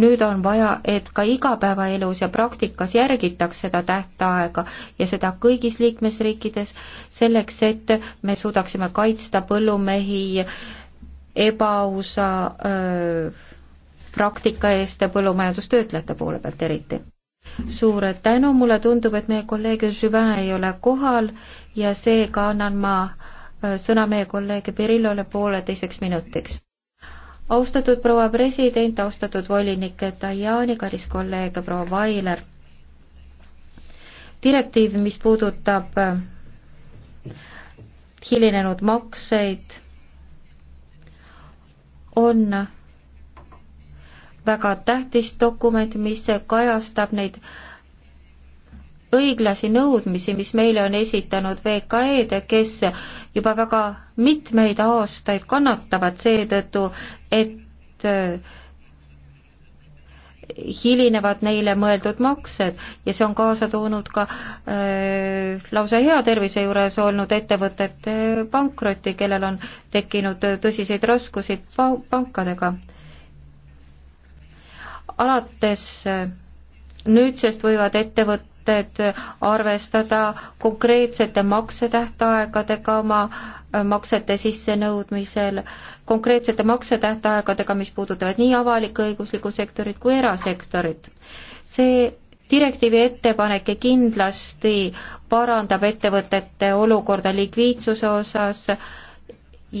nüüd on vaja, et ka igapäevaelus ja praktikas järgitaks seda tähtaega ja seda kõigis liikmesriikides, selleks et me suudaksime kaitsta põllumehi ebaausa öö, praktika eest põllumajandustöötlejate poole pealt eriti suur tänu, mulle tundub, et meie kolleeg Juvin ei ole kohal ja seega annan ma äh, sõna meie kolleeg Perillole pooleteiseks minutiks. austatud proua president, austatud volinik Tajani, kallis kolleeg proua Vailer. direktiiv, mis puudutab äh, hilinenud makseid, on väga tähtis dokument, mis kajastab neid õiglasi nõudmisi, mis meile on esitanud VKE-d, kes juba väga mitmeid aastaid kannatavad seetõttu, et äh, hilinevad neile mõeldud maksed ja see on kaasa toonud ka öö, äh, lausa hea tervise juures olnud ettevõtete pankrotti, kellel on tekkinud tõsiseid raskusi pa pankadega alates äh, nüüdsest võivad ettevõtted arvestada konkreetsete maksetähtaegadega oma äh, maksete sissenõudmisel, konkreetsete maksetähtaegadega, mis puudutavad nii avalik-õiguslikku sektorit kui erasektorit. see direktiivi ettepanek kindlasti parandab ettevõtete olukorda likviidsuse osas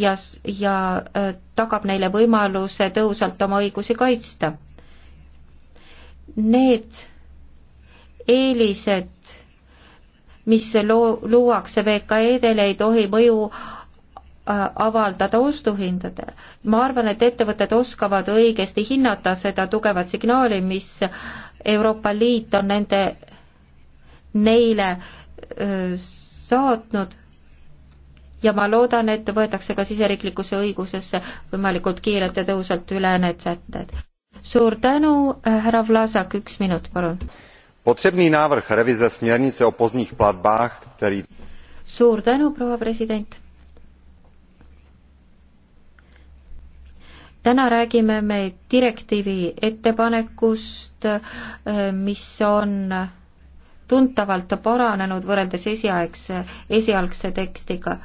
ja, ja äh, tagab neile võimaluse tõhusalt oma õigusi kaitsta need eelised, mis loo-, luuakse VKE-dele, ei tohi mõju äh, avaldada ostuhindadele. ma arvan, et ettevõtted oskavad õigesti hinnata seda tugevat signaali, mis Euroopa Liit on nende, neile öö, äh, saatnud ja ma loodan, et võetakse ka siseriiklikusse õigusesse võimalikult kiirelt ja tõhusalt üle need sätted suur tänu, äh, härra Vlasak, üks minut, palun. potrebný návrh revize směrnice o pozdních platbách, který suur tänu, proua president. täna räägime me direktiivi ettepanekust, äh, mis on tuntavalt paranenud võrreldes esialgse, esialgse tekstiga,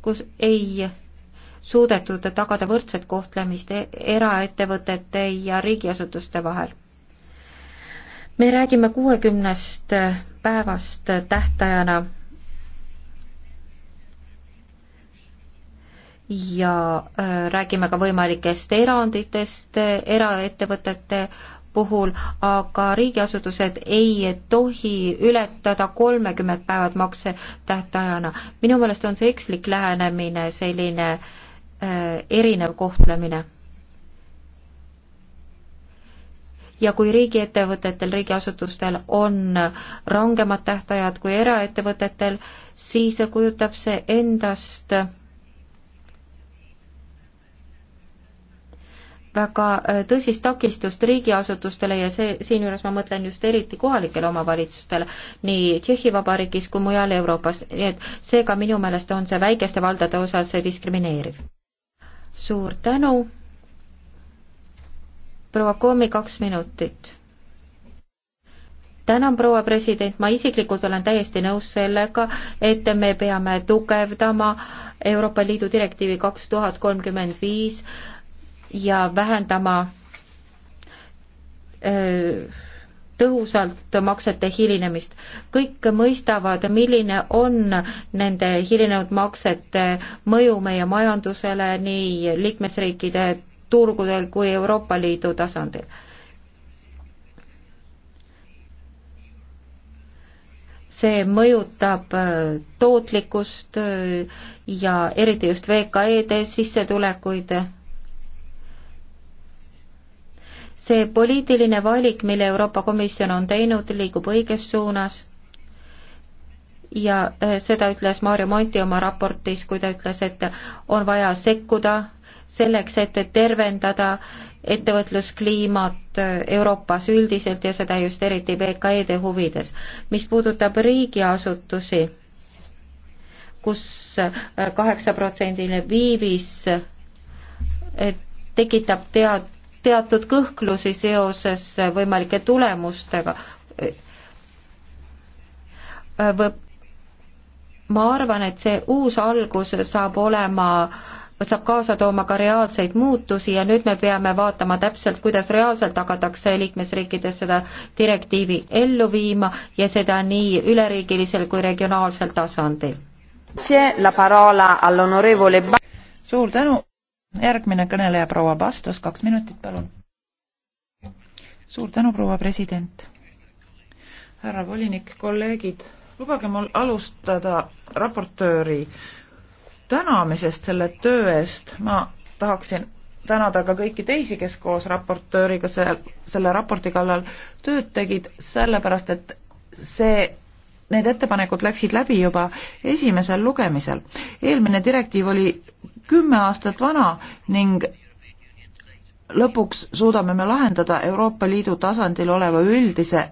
kus ei suudetud tagada võrdset kohtlemist e-, eraettevõtete ja riigiasutuste vahel. me räägime kuuekümnest päevast tähtajana ja äh, räägime ka võimalikest eranditest eraettevõtete puhul, aga riigiasutused ei tohi ületada kolmekümmet päevat maksetähtajana. minu meelest on see ekslik lähenemine, selline äh, Äh, erinev kohtlemine. ja kui riigiettevõtetel, riigiasutustel on rangemad tähtajad kui eraettevõtetel, siis kujutab see endast väga äh, tõsist takistust riigiasutustele ja see, siinjuures ma mõtlen just eriti kohalikele omavalitsustele nii Tšehhi Vabariigis kui mujal Euroopas, nii et seega minu meelest on see väikeste valdade osas diskrimineeriv suur tänu. proua Komi, kaks minutit. tänan, proua president, ma isiklikult olen täiesti nõus sellega, et me peame tugevdama Euroopa Liidu direktiivi kaks tuhat kolmkümmend viis ja vähendama öö, tõhusalt maksete hilinemist. kõik mõistavad, milline on nende hilinenud maksete mõju meie majandusele nii liikmesriikide turgudel kui Euroopa Liidu tasandil. see mõjutab äh, tootlikkust äh, ja eriti just VKE-de sissetulekuid see poliitiline valik, mille Euroopa Komisjon on teinud, liigub õiges suunas ja eh, seda ütles Maarja Monti oma raportis, kui ta ütles, et on vaja sekkuda selleks, et tervendada ettevõtluskliimat eh, Euroopas üldiselt ja seda just eriti VKE-de huvides. mis puudutab riigiasutusi, kus eh, kaheksaprotsendiline viivis tekitab tead-, teatud kõhklusi seoses võimalike tulemustega. ma arvan, et see uus algus saab olema saab kaasa tooma ka reaalseid muutusi ja nüüd me peame vaatama täpselt, kuidas reaalselt hakatakse liikmesriikides seda direktiivi ellu viima ja seda nii üleriigilisel kui regionaalsel tasandil. suur tänu järgmine kõneleja proua Bastos, kaks minutit, palun. suur tänu, proua president. härra volinik, kolleegid, lubage mul alustada raportööri tänamisest selle töö eest. ma tahaksin tänada ka kõiki teisi, kes koos raportööriga see, selle raporti kallal tööd tegid, sellepärast et see need ettepanekud läksid läbi juba esimesel lugemisel. eelmine direktiiv oli kümme aastat vana ning lõpuks suudame me lahendada Euroopa Liidu tasandil oleva üldise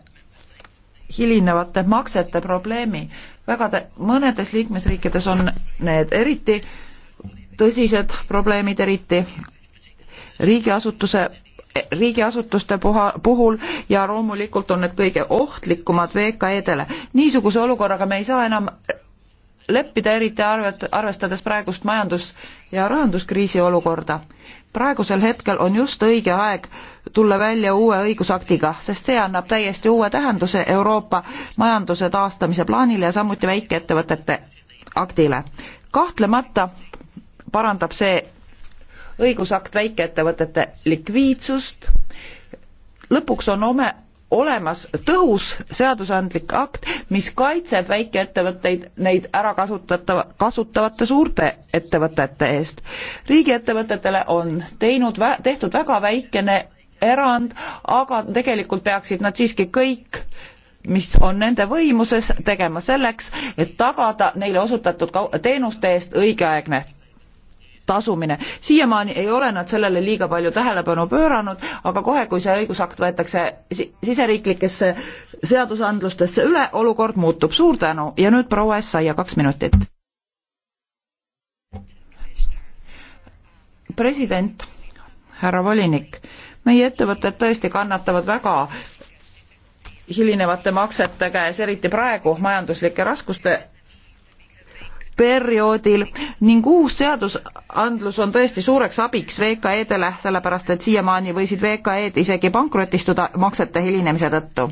hilinevate maksete probleemi. väga mõnedes liikmesriikides on need eriti tõsised probleemid, eriti riigiasutuse riigiasutuste puha, puhul ja loomulikult on need kõige ohtlikumad VKE-dele. niisuguse olukorraga me ei saa enam leppida, eriti arvet, arvestades praegust majandus- ja rahanduskriisi olukorda. praegusel hetkel on just õige aeg tulla välja uue õigusaktiga, sest see annab täiesti uue tähenduse Euroopa majanduse taastamise plaanile ja samuti väikeettevõtete aktile. kahtlemata parandab see õigusakt väikeettevõtete likviidsust, lõpuks on ome, olemas tõhus seadusandlik akt, mis kaitseb väikeettevõtteid neid ära kasutatava, kasutavate suurte ettevõtete eest. riigiettevõtetele on teinud, tehtud väga väikene erand, aga tegelikult peaksid nad siiski kõik mis on nende võimuses tegema selleks, et tagada neile osutatud teenuste eest õigeaegne tasumine. siiamaani ei ole nad sellele liiga palju tähelepanu pööranud, aga kohe, kui see õigusakt võetakse siseriiklikesse seadusandlustesse üle, olukord muutub. suur tänu ja nüüd proua Essaia, kaks minutit. president, härra volinik, meie ettevõtted tõesti kannatavad väga hilinevate maksete käes, eriti praegu majanduslike raskuste perioodil ning uus seadusandlus on tõesti suureks abiks VKE-dele, sellepärast et siiamaani võisid VKE-d isegi pankrotistuda maksete hilinemise tõttu.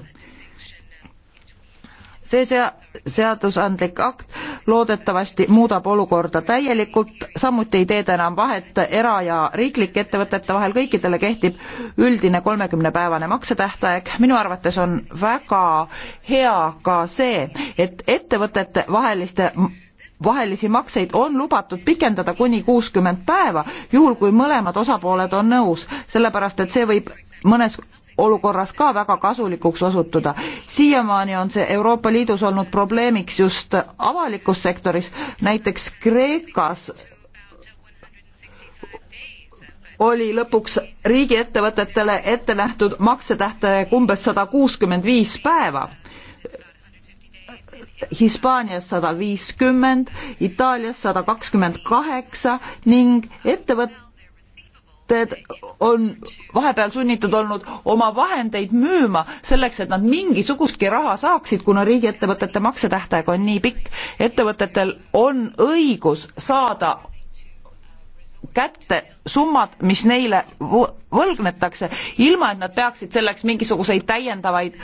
see sea-, seadusandlik akt loodetavasti muudab olukorda täielikult, samuti ei tee ta enam vahet era- ja riiklike ettevõtete vahel, kõikidele kehtib üldine kolmekümnepäevane maksetähtaeg. minu arvates on väga hea ka see, et ettevõtete vaheliste vahelisi makseid on lubatud pikendada kuni kuuskümmend päeva, juhul kui mõlemad osapooled on nõus, sellepärast et see võib mõnes olukorras ka väga kasulikuks osutuda. siiamaani on see Euroopa Liidus olnud probleemiks just avalikus sektoris, näiteks Kreekas oli lõpuks riigiettevõtetele ette nähtud maksetähtaeg umbes sada kuuskümmend viis päeva Hispaanias sada viiskümmend, Itaalias sada kakskümmend kaheksa ning ettevõtted on vahepeal sunnitud olnud oma vahendeid müüma selleks, et nad mingisugustki raha saaksid, kuna riigiettevõtete maksetähtaeg on nii pikk. ettevõtetel on õigus saada kätte summad, mis neile võlgnetakse, ilma et nad peaksid selleks mingisuguseid täiendavaid,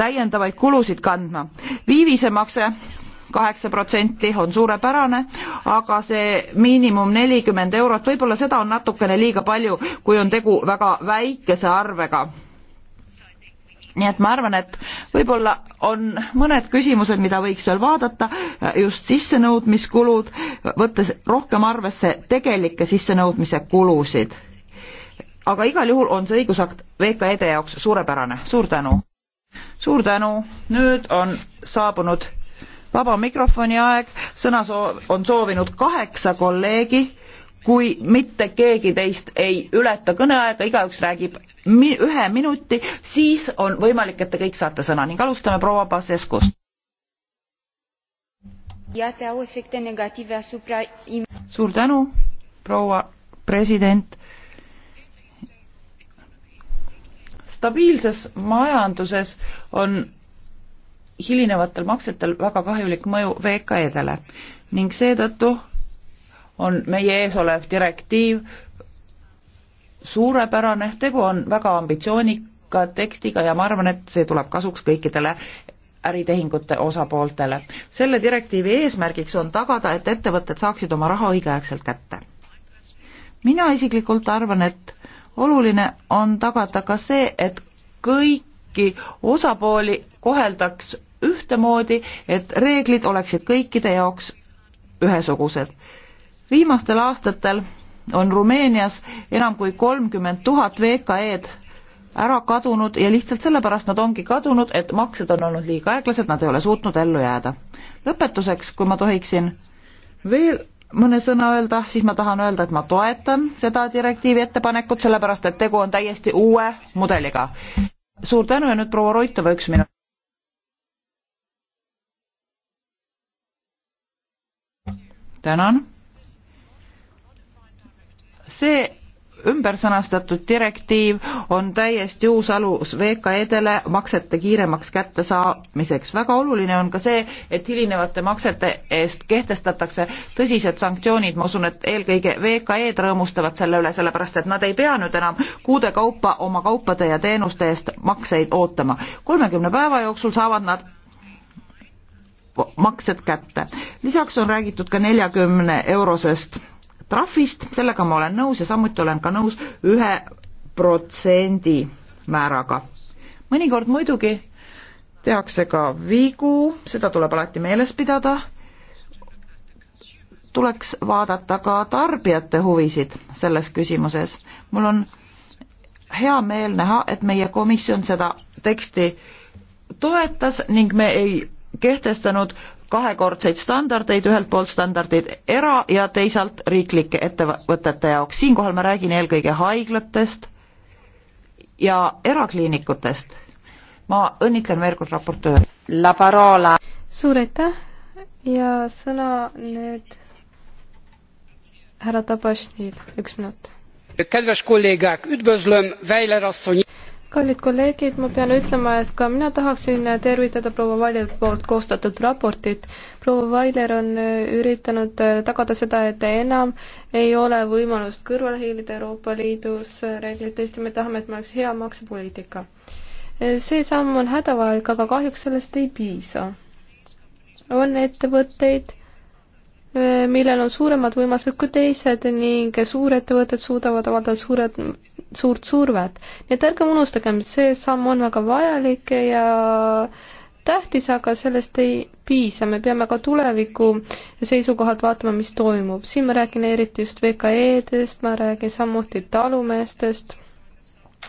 täiendavaid kulusid kandma. viivisemakse kaheksa protsenti on suurepärane, aga see miinimum nelikümmend eurot, võib-olla seda on natukene liiga palju, kui on tegu väga väikese arvega nii et ma arvan, et võib-olla on mõned küsimused, mida võiks veel vaadata, just sissenõudmiskulud, võttes rohkem arvesse tegelikke sissenõudmise kulusid. aga igal juhul on see õigusakt VKED jaoks suurepärane, suur tänu! suur tänu, nüüd on saabunud vaba mikrofoni aeg, sõna soo-, on soovinud kaheksa kolleegi kui mitte keegi teist ei ületa kõneaega, igaüks räägib mi ühe minuti, siis on võimalik, et te kõik saate sõna ning alustame proua Paseskost. suur tänu, proua president. stabiilses majanduses on hilinevatel maksetel väga kahjulik mõju VKE-dele ning seetõttu on meie ees olev direktiiv suurepärane, tegu on väga ambitsioonika tekstiga ja ma arvan, et see tuleb kasuks kõikidele äritehingute osapooltele. selle direktiivi eesmärgiks on tagada, et ettevõtted saaksid oma raha õigeaegselt kätte. mina isiklikult arvan, et oluline on tagada ka see, et kõiki osapooli koheldaks ühtemoodi, et reeglid oleksid kõikide jaoks ühesugused viimastel aastatel on Rumeenias enam kui kolmkümmend tuhat VKE-d ära kadunud ja lihtsalt sellepärast nad ongi kadunud, et maksed on olnud liiga aeglased, nad ei ole suutnud ellu jääda. lõpetuseks, kui ma tohiksin veel mõne sõna öelda, siis ma tahan öelda, et ma toetan seda direktiivi ettepanekut, sellepärast et tegu on täiesti uue mudeliga. suur tänu ja nüüd proua Roitova, üks minut. tänan see ümbersõnastatud direktiiv on täiesti uus alus VKE-dele maksete kiiremaks kättesaamiseks. väga oluline on ka see, et hilinevate maksete eest kehtestatakse tõsised sanktsioonid, ma usun, et eelkõige VKE-d rõõmustavad selle üle, sellepärast et nad ei pea nüüd enam kuude kaupa oma kaupade ja teenuste eest makseid ootama. kolmekümne päeva jooksul saavad nad maksed kätte. lisaks on räägitud ka neljakümne eurosest trahvist, sellega ma olen nõus ja samuti olen ka nõus ühe protsendi määraga. mõnikord muidugi tehakse ka vigu, seda tuleb alati meeles pidada, tuleks vaadata ka tarbijate huvisid selles küsimuses. mul on hea meel näha, et meie komisjon seda teksti toetas ning me ei kehtestanud kahekordseid standardeid, ühelt poolt standardid era- ja teisalt riiklike ettevõtete jaoks. siinkohal ma räägin eelkõige haiglatest ja erakliinikutest. ma õnnitlen veel kord raportööri. La parola. suur aitäh ja sõna nüüd härra Tabašnil, üks minut. Kedves kolleegák, üdvözlöm Weiler asszony kallid kolleegid, ma pean ütlema, et ka mina tahaksin tervitada proua Valjeri poolt koostatud raportit. proua Valjer on äh, üritanud äh, tagada seda, et enam ei ole võimalust kõrvale hiilida Euroopa Liidus äh, reeglitest ja me tahame, et meil oleks hea maksepoliitika. see samm on hädavajalik, aga kahjuks sellest ei piisa. on ettevõtteid Äh, millel on suuremad võimalused kui teised ning suurettevõtted suudavad avaldada suured, suurt survet. nii et ärgem unustagem, see samm on väga vajalik ja tähtis, aga sellest ei piisa, me peame ka tuleviku seisukohalt vaatama, mis toimub. siin ma räägin eriti just VKE-dest, ma räägin samuti talumeestest.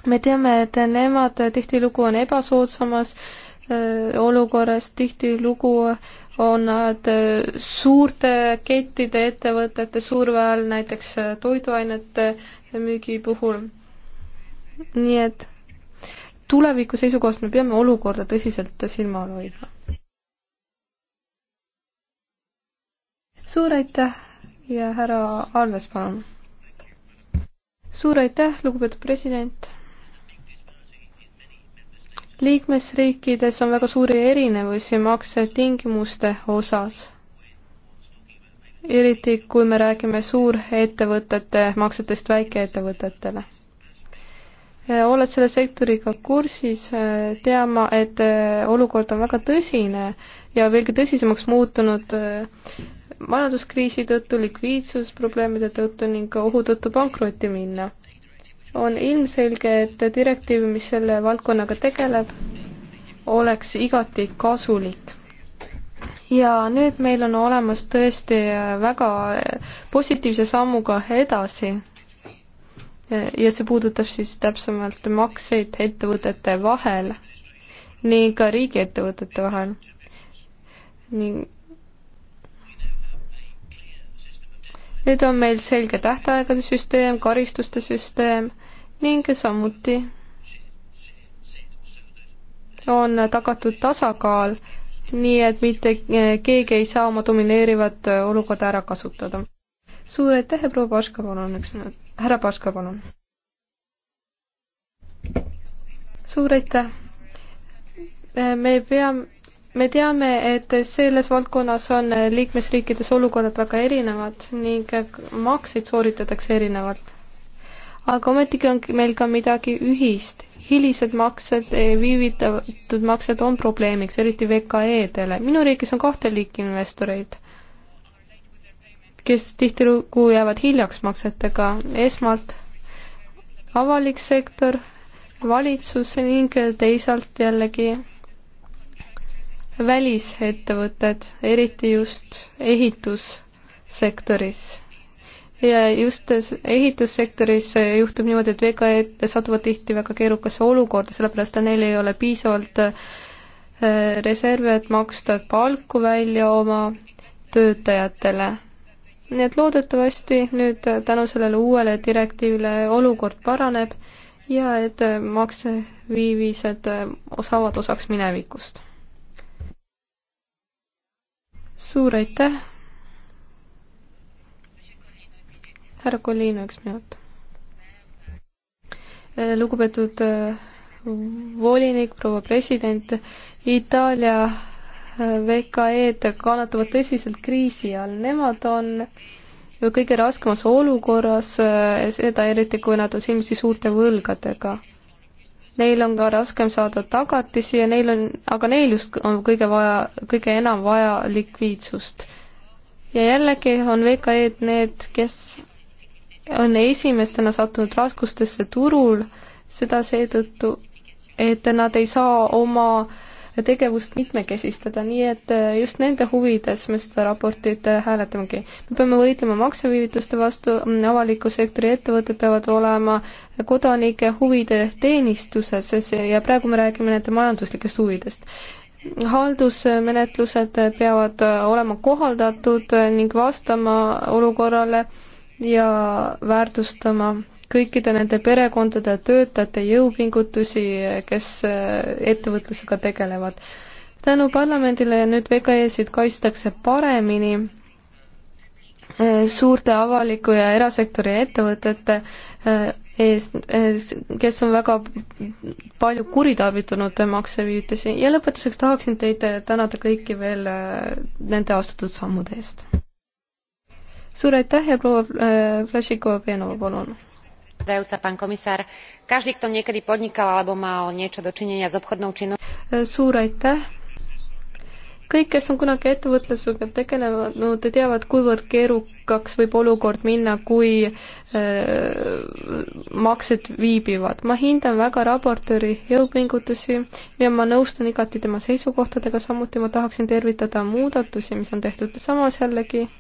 me teame, et nemad tihtilugu on ebasoodsamas äh, olukorras, tihtilugu äh, on nad äh, suurte kettide ettevõtete surve all, näiteks äh, toiduainete müügi puhul. nii et tuleviku seisukohast me peame olukorda tõsiselt silma all hoidma. suur aitäh ja härra Alves, palun. suur aitäh, lugupeetud president liikmesriikides on väga suuri erinevusi maksetingimuste osas. eriti, kui me räägime suurettevõtete maksetest väikeettevõtetele olles selle sektoriga kursis, tean ma, et äh, olukord on väga tõsine ja veelgi tõsisemaks muutunud äh, majanduskriisi tõttu, likviidsusprobleemide tõttu ning ohu tõttu pankrotti minna on ilmselge, et direktiiv, mis selle valdkonnaga tegeleb, oleks igati kasulik. ja nüüd meil on olemas tõesti väga positiivse sammuga edasi. ja see puudutab siis täpsemalt makseid ettevõtete vahel ning ka riigiettevõtete vahel. ning nüüd on meil selge tähtaegade süsteem, karistuste süsteem ning samuti on tagatud tasakaal, nii et mitte keegi ei saa oma domineerivat olukorda ära kasutada. suur aitäh ja proua Paška, palun üks minut, härra Paška, palun. suur aitäh. me peame, me teame, et selles valdkonnas on liikmesriikides olukorrad väga erinevad ning makseid sooritatakse erinevalt aga ometigi on meil ka midagi ühist. hilised maksed, eh, viivitatud maksed on probleemiks, eriti VKE-dele. minu riigis on kahte liiki investoreid, kes tihtilugu jäävad hiljaks maksetega. esmalt avalik sektor, valitsus ning teisalt jällegi välisettevõtted, eriti just ehitussektoris ja just ehitussektoris juhtub niimoodi, et VKE-d satuvad tihti väga keerukasse olukorda, sellepärast et neil ei ole piisavalt äh, reserve, et maksta palku välja oma töötajatele. nii et loodetavasti nüüd tänu sellele uuele direktiivile olukord paraneb ja et makseviivised äh, saavad osaks minevikust. suur aitäh! härra Kolino, üks minut. Eh, lugupeetud eh, volinik, proua president, Itaalia eh, VKE-d kannatavad tõsiselt kriisi all, nemad on ju kõige raskemas olukorras, seda eriti, kui nad on silmitsi suurte võlgadega. Neil on ka raskem saada tagatisi ja neil on, aga neil just on kõige vaja, kõige enam vaja likviidsust. ja jällegi on VKE-d need, kes on esimestena sattunud raskustesse turul, seda seetõttu, et nad ei saa oma tegevust mitmekesistada, nii et just nende huvides me seda raportit hääletamegi. me peame võitlema makseviivituste vastu, avaliku sektori ettevõtted peavad olema kodanike huvide teenistuses ja praegu me räägime nende majanduslikest huvidest haldusmenetlused peavad olema kohaldatud ning vastama olukorrale ja väärtustama kõikide nende perekondade töötajate jõupingutusi, kes äh, ettevõtlusega tegelevad. tänu parlamendile nüüd VKE-sid kaitstakse paremini äh, suurte avaliku ja erasektori ettevõtete äh, eest, kes on väga palju kuritarvitanud makseviitisi ja lõpetuseks tahaksin teid tänada kõiki veel nende astutud sammude eest suur aitäh ja proua äh, Flašikova-Penova, palun každý kto niekedy podnikal alebo mal niečo dočinenia s obchodnou činnosťou äh, kõik, kes on kunagi ettevõtlusega tegelenud no,, te teavad, kuivõrd keerukaks võib olukord minna, kui äh, maksed viibivad. ma hindan väga raportööri jõupingutusi ja ma nõustun igati tema seisukohtadega, samuti ma tahaksin tervitada muudatusi, mis on tehtud. samas jällegi äh,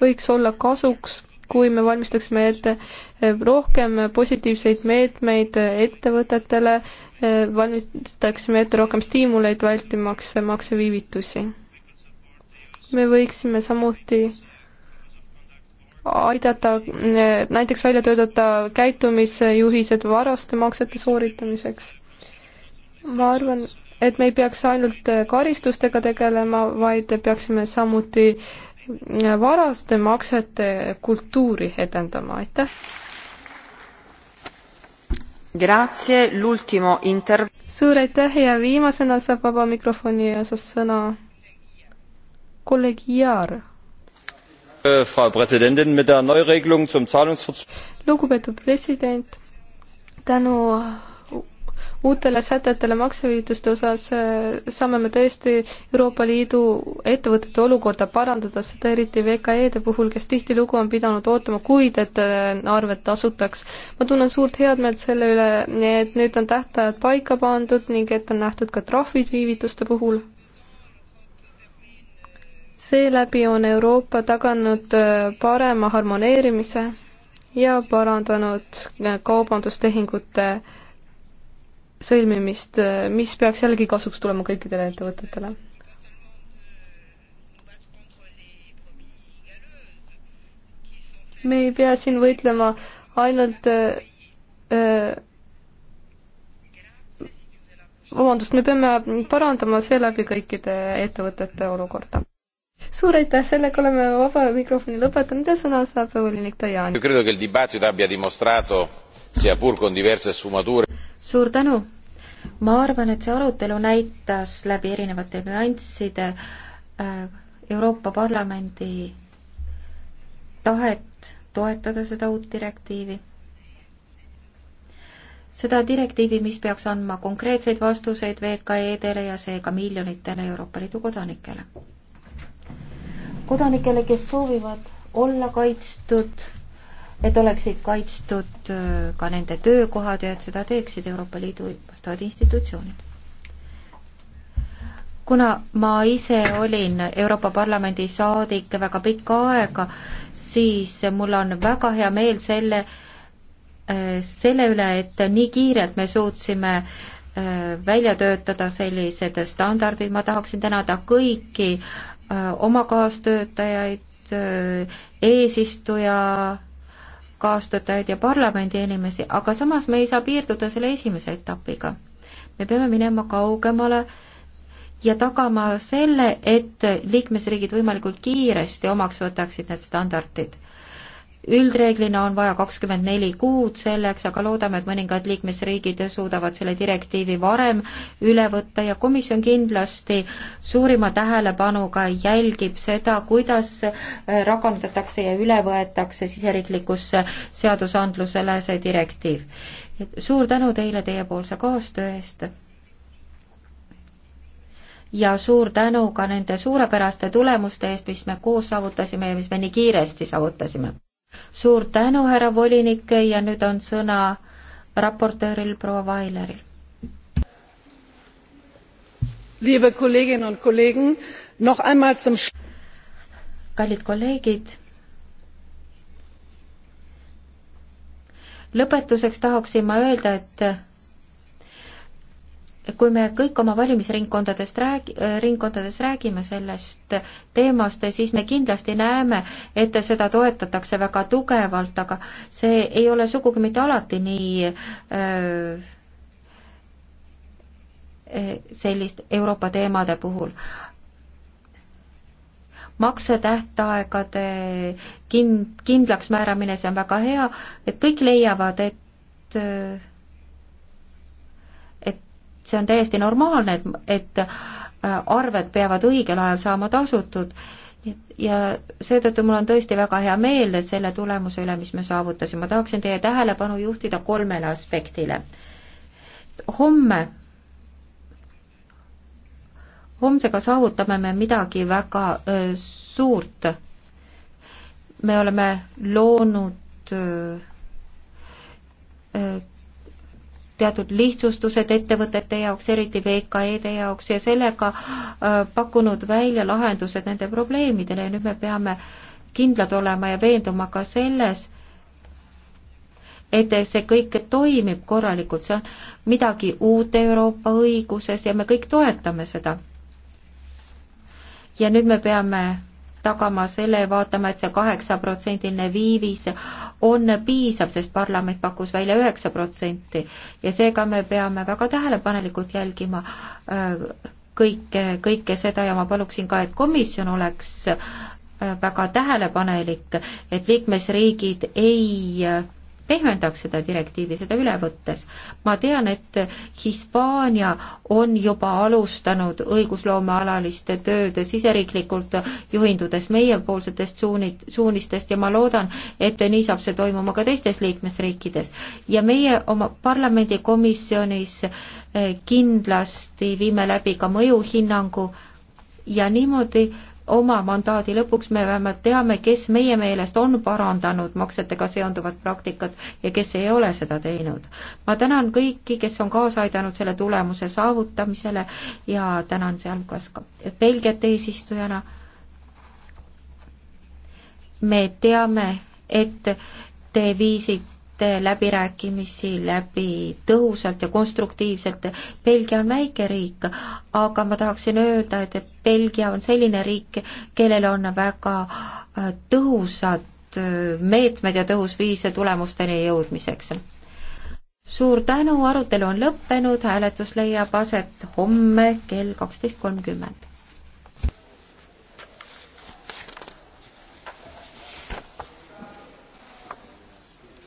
võiks olla kasuks, kui me valmistaksime ette eh, rohkem positiivseid meetmeid eh, ettevõtetele, eh, valmistaksime ette rohkem stiimuleid, vältimaks makseviivitusi. me võiksime samuti aidata näiteks välja töötada käitumisjuhised varaste maksete sooritamiseks. ma arvan, et me ei peaks ainult karistustega tegelema, vaid peaksime samuti äh, varaste maksete kultuuri edendama, aitäh! suur aitäh ja viimasena saab vaba mikrofoni osas sõna kolleeg Jaar. Äh, lugupeetud president, tänu uutele sätetele maksehüvitiste osas eh, saame me tõesti Euroopa Liidu ettevõtete olukorda parandada, seda eriti VKE-de puhul, kes tihtilugu on pidanud ootama kuid, et eh, arved tasutaks. ma tunnen suurt headmeelt selle üle, et nüüd on tähtajad paika pandud ning et on nähtud ka trahvid viivituste puhul. seeläbi on Euroopa taganud eh, parema harmoneerimise ja parandanud kaubandustehingute sõlmimist, mis peaks jällegi kasuks tulema kõikidele ettevõtetele. me ei pea siin võitlema ainult äh, äh, vabandust, me peame parandama seeläbi kõikide ettevõtete olukorda. suur aitäh, sellega oleme vaba mikrofoni lõpetanud ja sõna saab volinik Tajani suur tänu! ma arvan, et see arutelu näitas läbi erinevate nüansside äh, Euroopa Parlamendi tahet toetada seda uut direktiivi. seda direktiivi, mis peaks andma konkreetseid vastuseid VKE-dele ja seega miljonitele Euroopa Liidu kodanikele. kodanikele, kes soovivad olla kaitstud et oleksid kaitstud äh, ka nende töökohad ja et seda teeksid Euroopa Liidu vastavad institutsioonid. kuna ma ise olin Euroopa Parlamendi saadik väga pikka aega, siis mul on väga hea meel selle, äh, selle üle, et nii kiirelt me suutsime äh, välja töötada sellised standardid, ma tahaksin tänada kõiki oma kaastöötajaid, eesistuja kaastöötajaid ja parlamendi inimesi, aga samas me ei saa piirduda selle esimese etapiga. me peame minema kaugemale ja tagama selle, et liikmesriigid võimalikult kiiresti omaks võtaksid need standardid üldreeglina on vaja kakskümmend neli kuud selleks, aga loodame, et mõningad liikmesriigid suudavad selle direktiivi varem üle võtta ja komisjon kindlasti suurima tähelepanuga jälgib seda, kuidas äh, rakendatakse ja üle võetakse siseriiklikusse seadusandlusele see direktiiv. suur tänu teile teiepoolse koostöö eest! ja suur tänu ka nende suurepäraste tulemuste eest, mis me koos saavutasime ja mis me nii kiiresti saavutasime suur tänu, härra volinik ja nüüd on sõna raportööril proua Vaileril. Liebe Kolleginnen und Kollegen, noch einmal zum kallid kolleegid, lõpetuseks tahaksin ma öelda, et kui me kõik oma valimisringkondadest räägi-, äh, ringkondades räägime sellest teemast, siis me kindlasti näeme, et seda toetatakse väga tugevalt, aga see ei ole sugugi mitte alati nii öö, äh, äh, sellist Euroopa teemade puhul. maksetähtaegade kin-, kindlaksmääramine, see on väga hea, et kõik leiavad, et öö, see on täiesti normaalne, et, et äh, arved peavad õigel ajal saama tasutud ja seetõttu mul on tõesti väga hea meel selle tulemuse üle, mis me saavutasime. ma tahaksin teie tähelepanu juhtida kolmele aspektile. homme, homsega saavutame me midagi väga öö, äh, suurt. me oleme loonud öö, äh, öö, teatud lihtsustused ettevõtete jaoks, eriti VKE-de jaoks ja sellega äh, pakkunud välja lahendused nende probleemidele ja nüüd me peame kindlad olema ja veenduma ka selles, et see kõik toimib korralikult, see on midagi uut Euroopa õiguses ja me kõik toetame seda. ja nüüd me peame tagama selle, vaatama, et see kaheksaprotsendiline viivis on piisav, sest parlament pakkus välja üheksa protsenti ja seega me peame väga tähelepanelikult jälgima äh, kõike, kõike seda ja ma paluksin ka, et komisjon oleks äh, väga tähelepanelik, et liikmesriigid ei äh, pehmendaks seda direktiivi, seda üle võttes. ma tean, et Hispaania on juba alustanud õigusloomealalist tööd siseriiklikult, juhindudes meiepoolsetest suunid, suunistest ja ma loodan, et nii saab see toimuma ka teistes liikmesriikides. ja meie oma parlamendikomisjonis eh, kindlasti viime läbi ka mõjuhinnangu ja niimoodi äh, oma mandaadi lõpuks me vähemalt teame, kes meie meelest on parandanud maksetega seonduvat praktikat ja kes ei ole seda teinud. ma tänan kõiki, kes on kaasa aidanud selle tulemuse saavutamisele ja tänan sealhulgas ka Belgiat eesistujana. me teame, et te viisite läbirääkimisi läbi tõhusalt ja konstruktiivselt. Belgia on väike riik, aga ma tahaksin öelda, et Belgia on selline riik, kellel on väga äh, tõhusad äh, meetmed ja tõhus viis tulemusteni jõudmiseks. suur tänu, arutelu on lõppenud, hääletus leiab aset homme kell kaksteist kolmkümmend.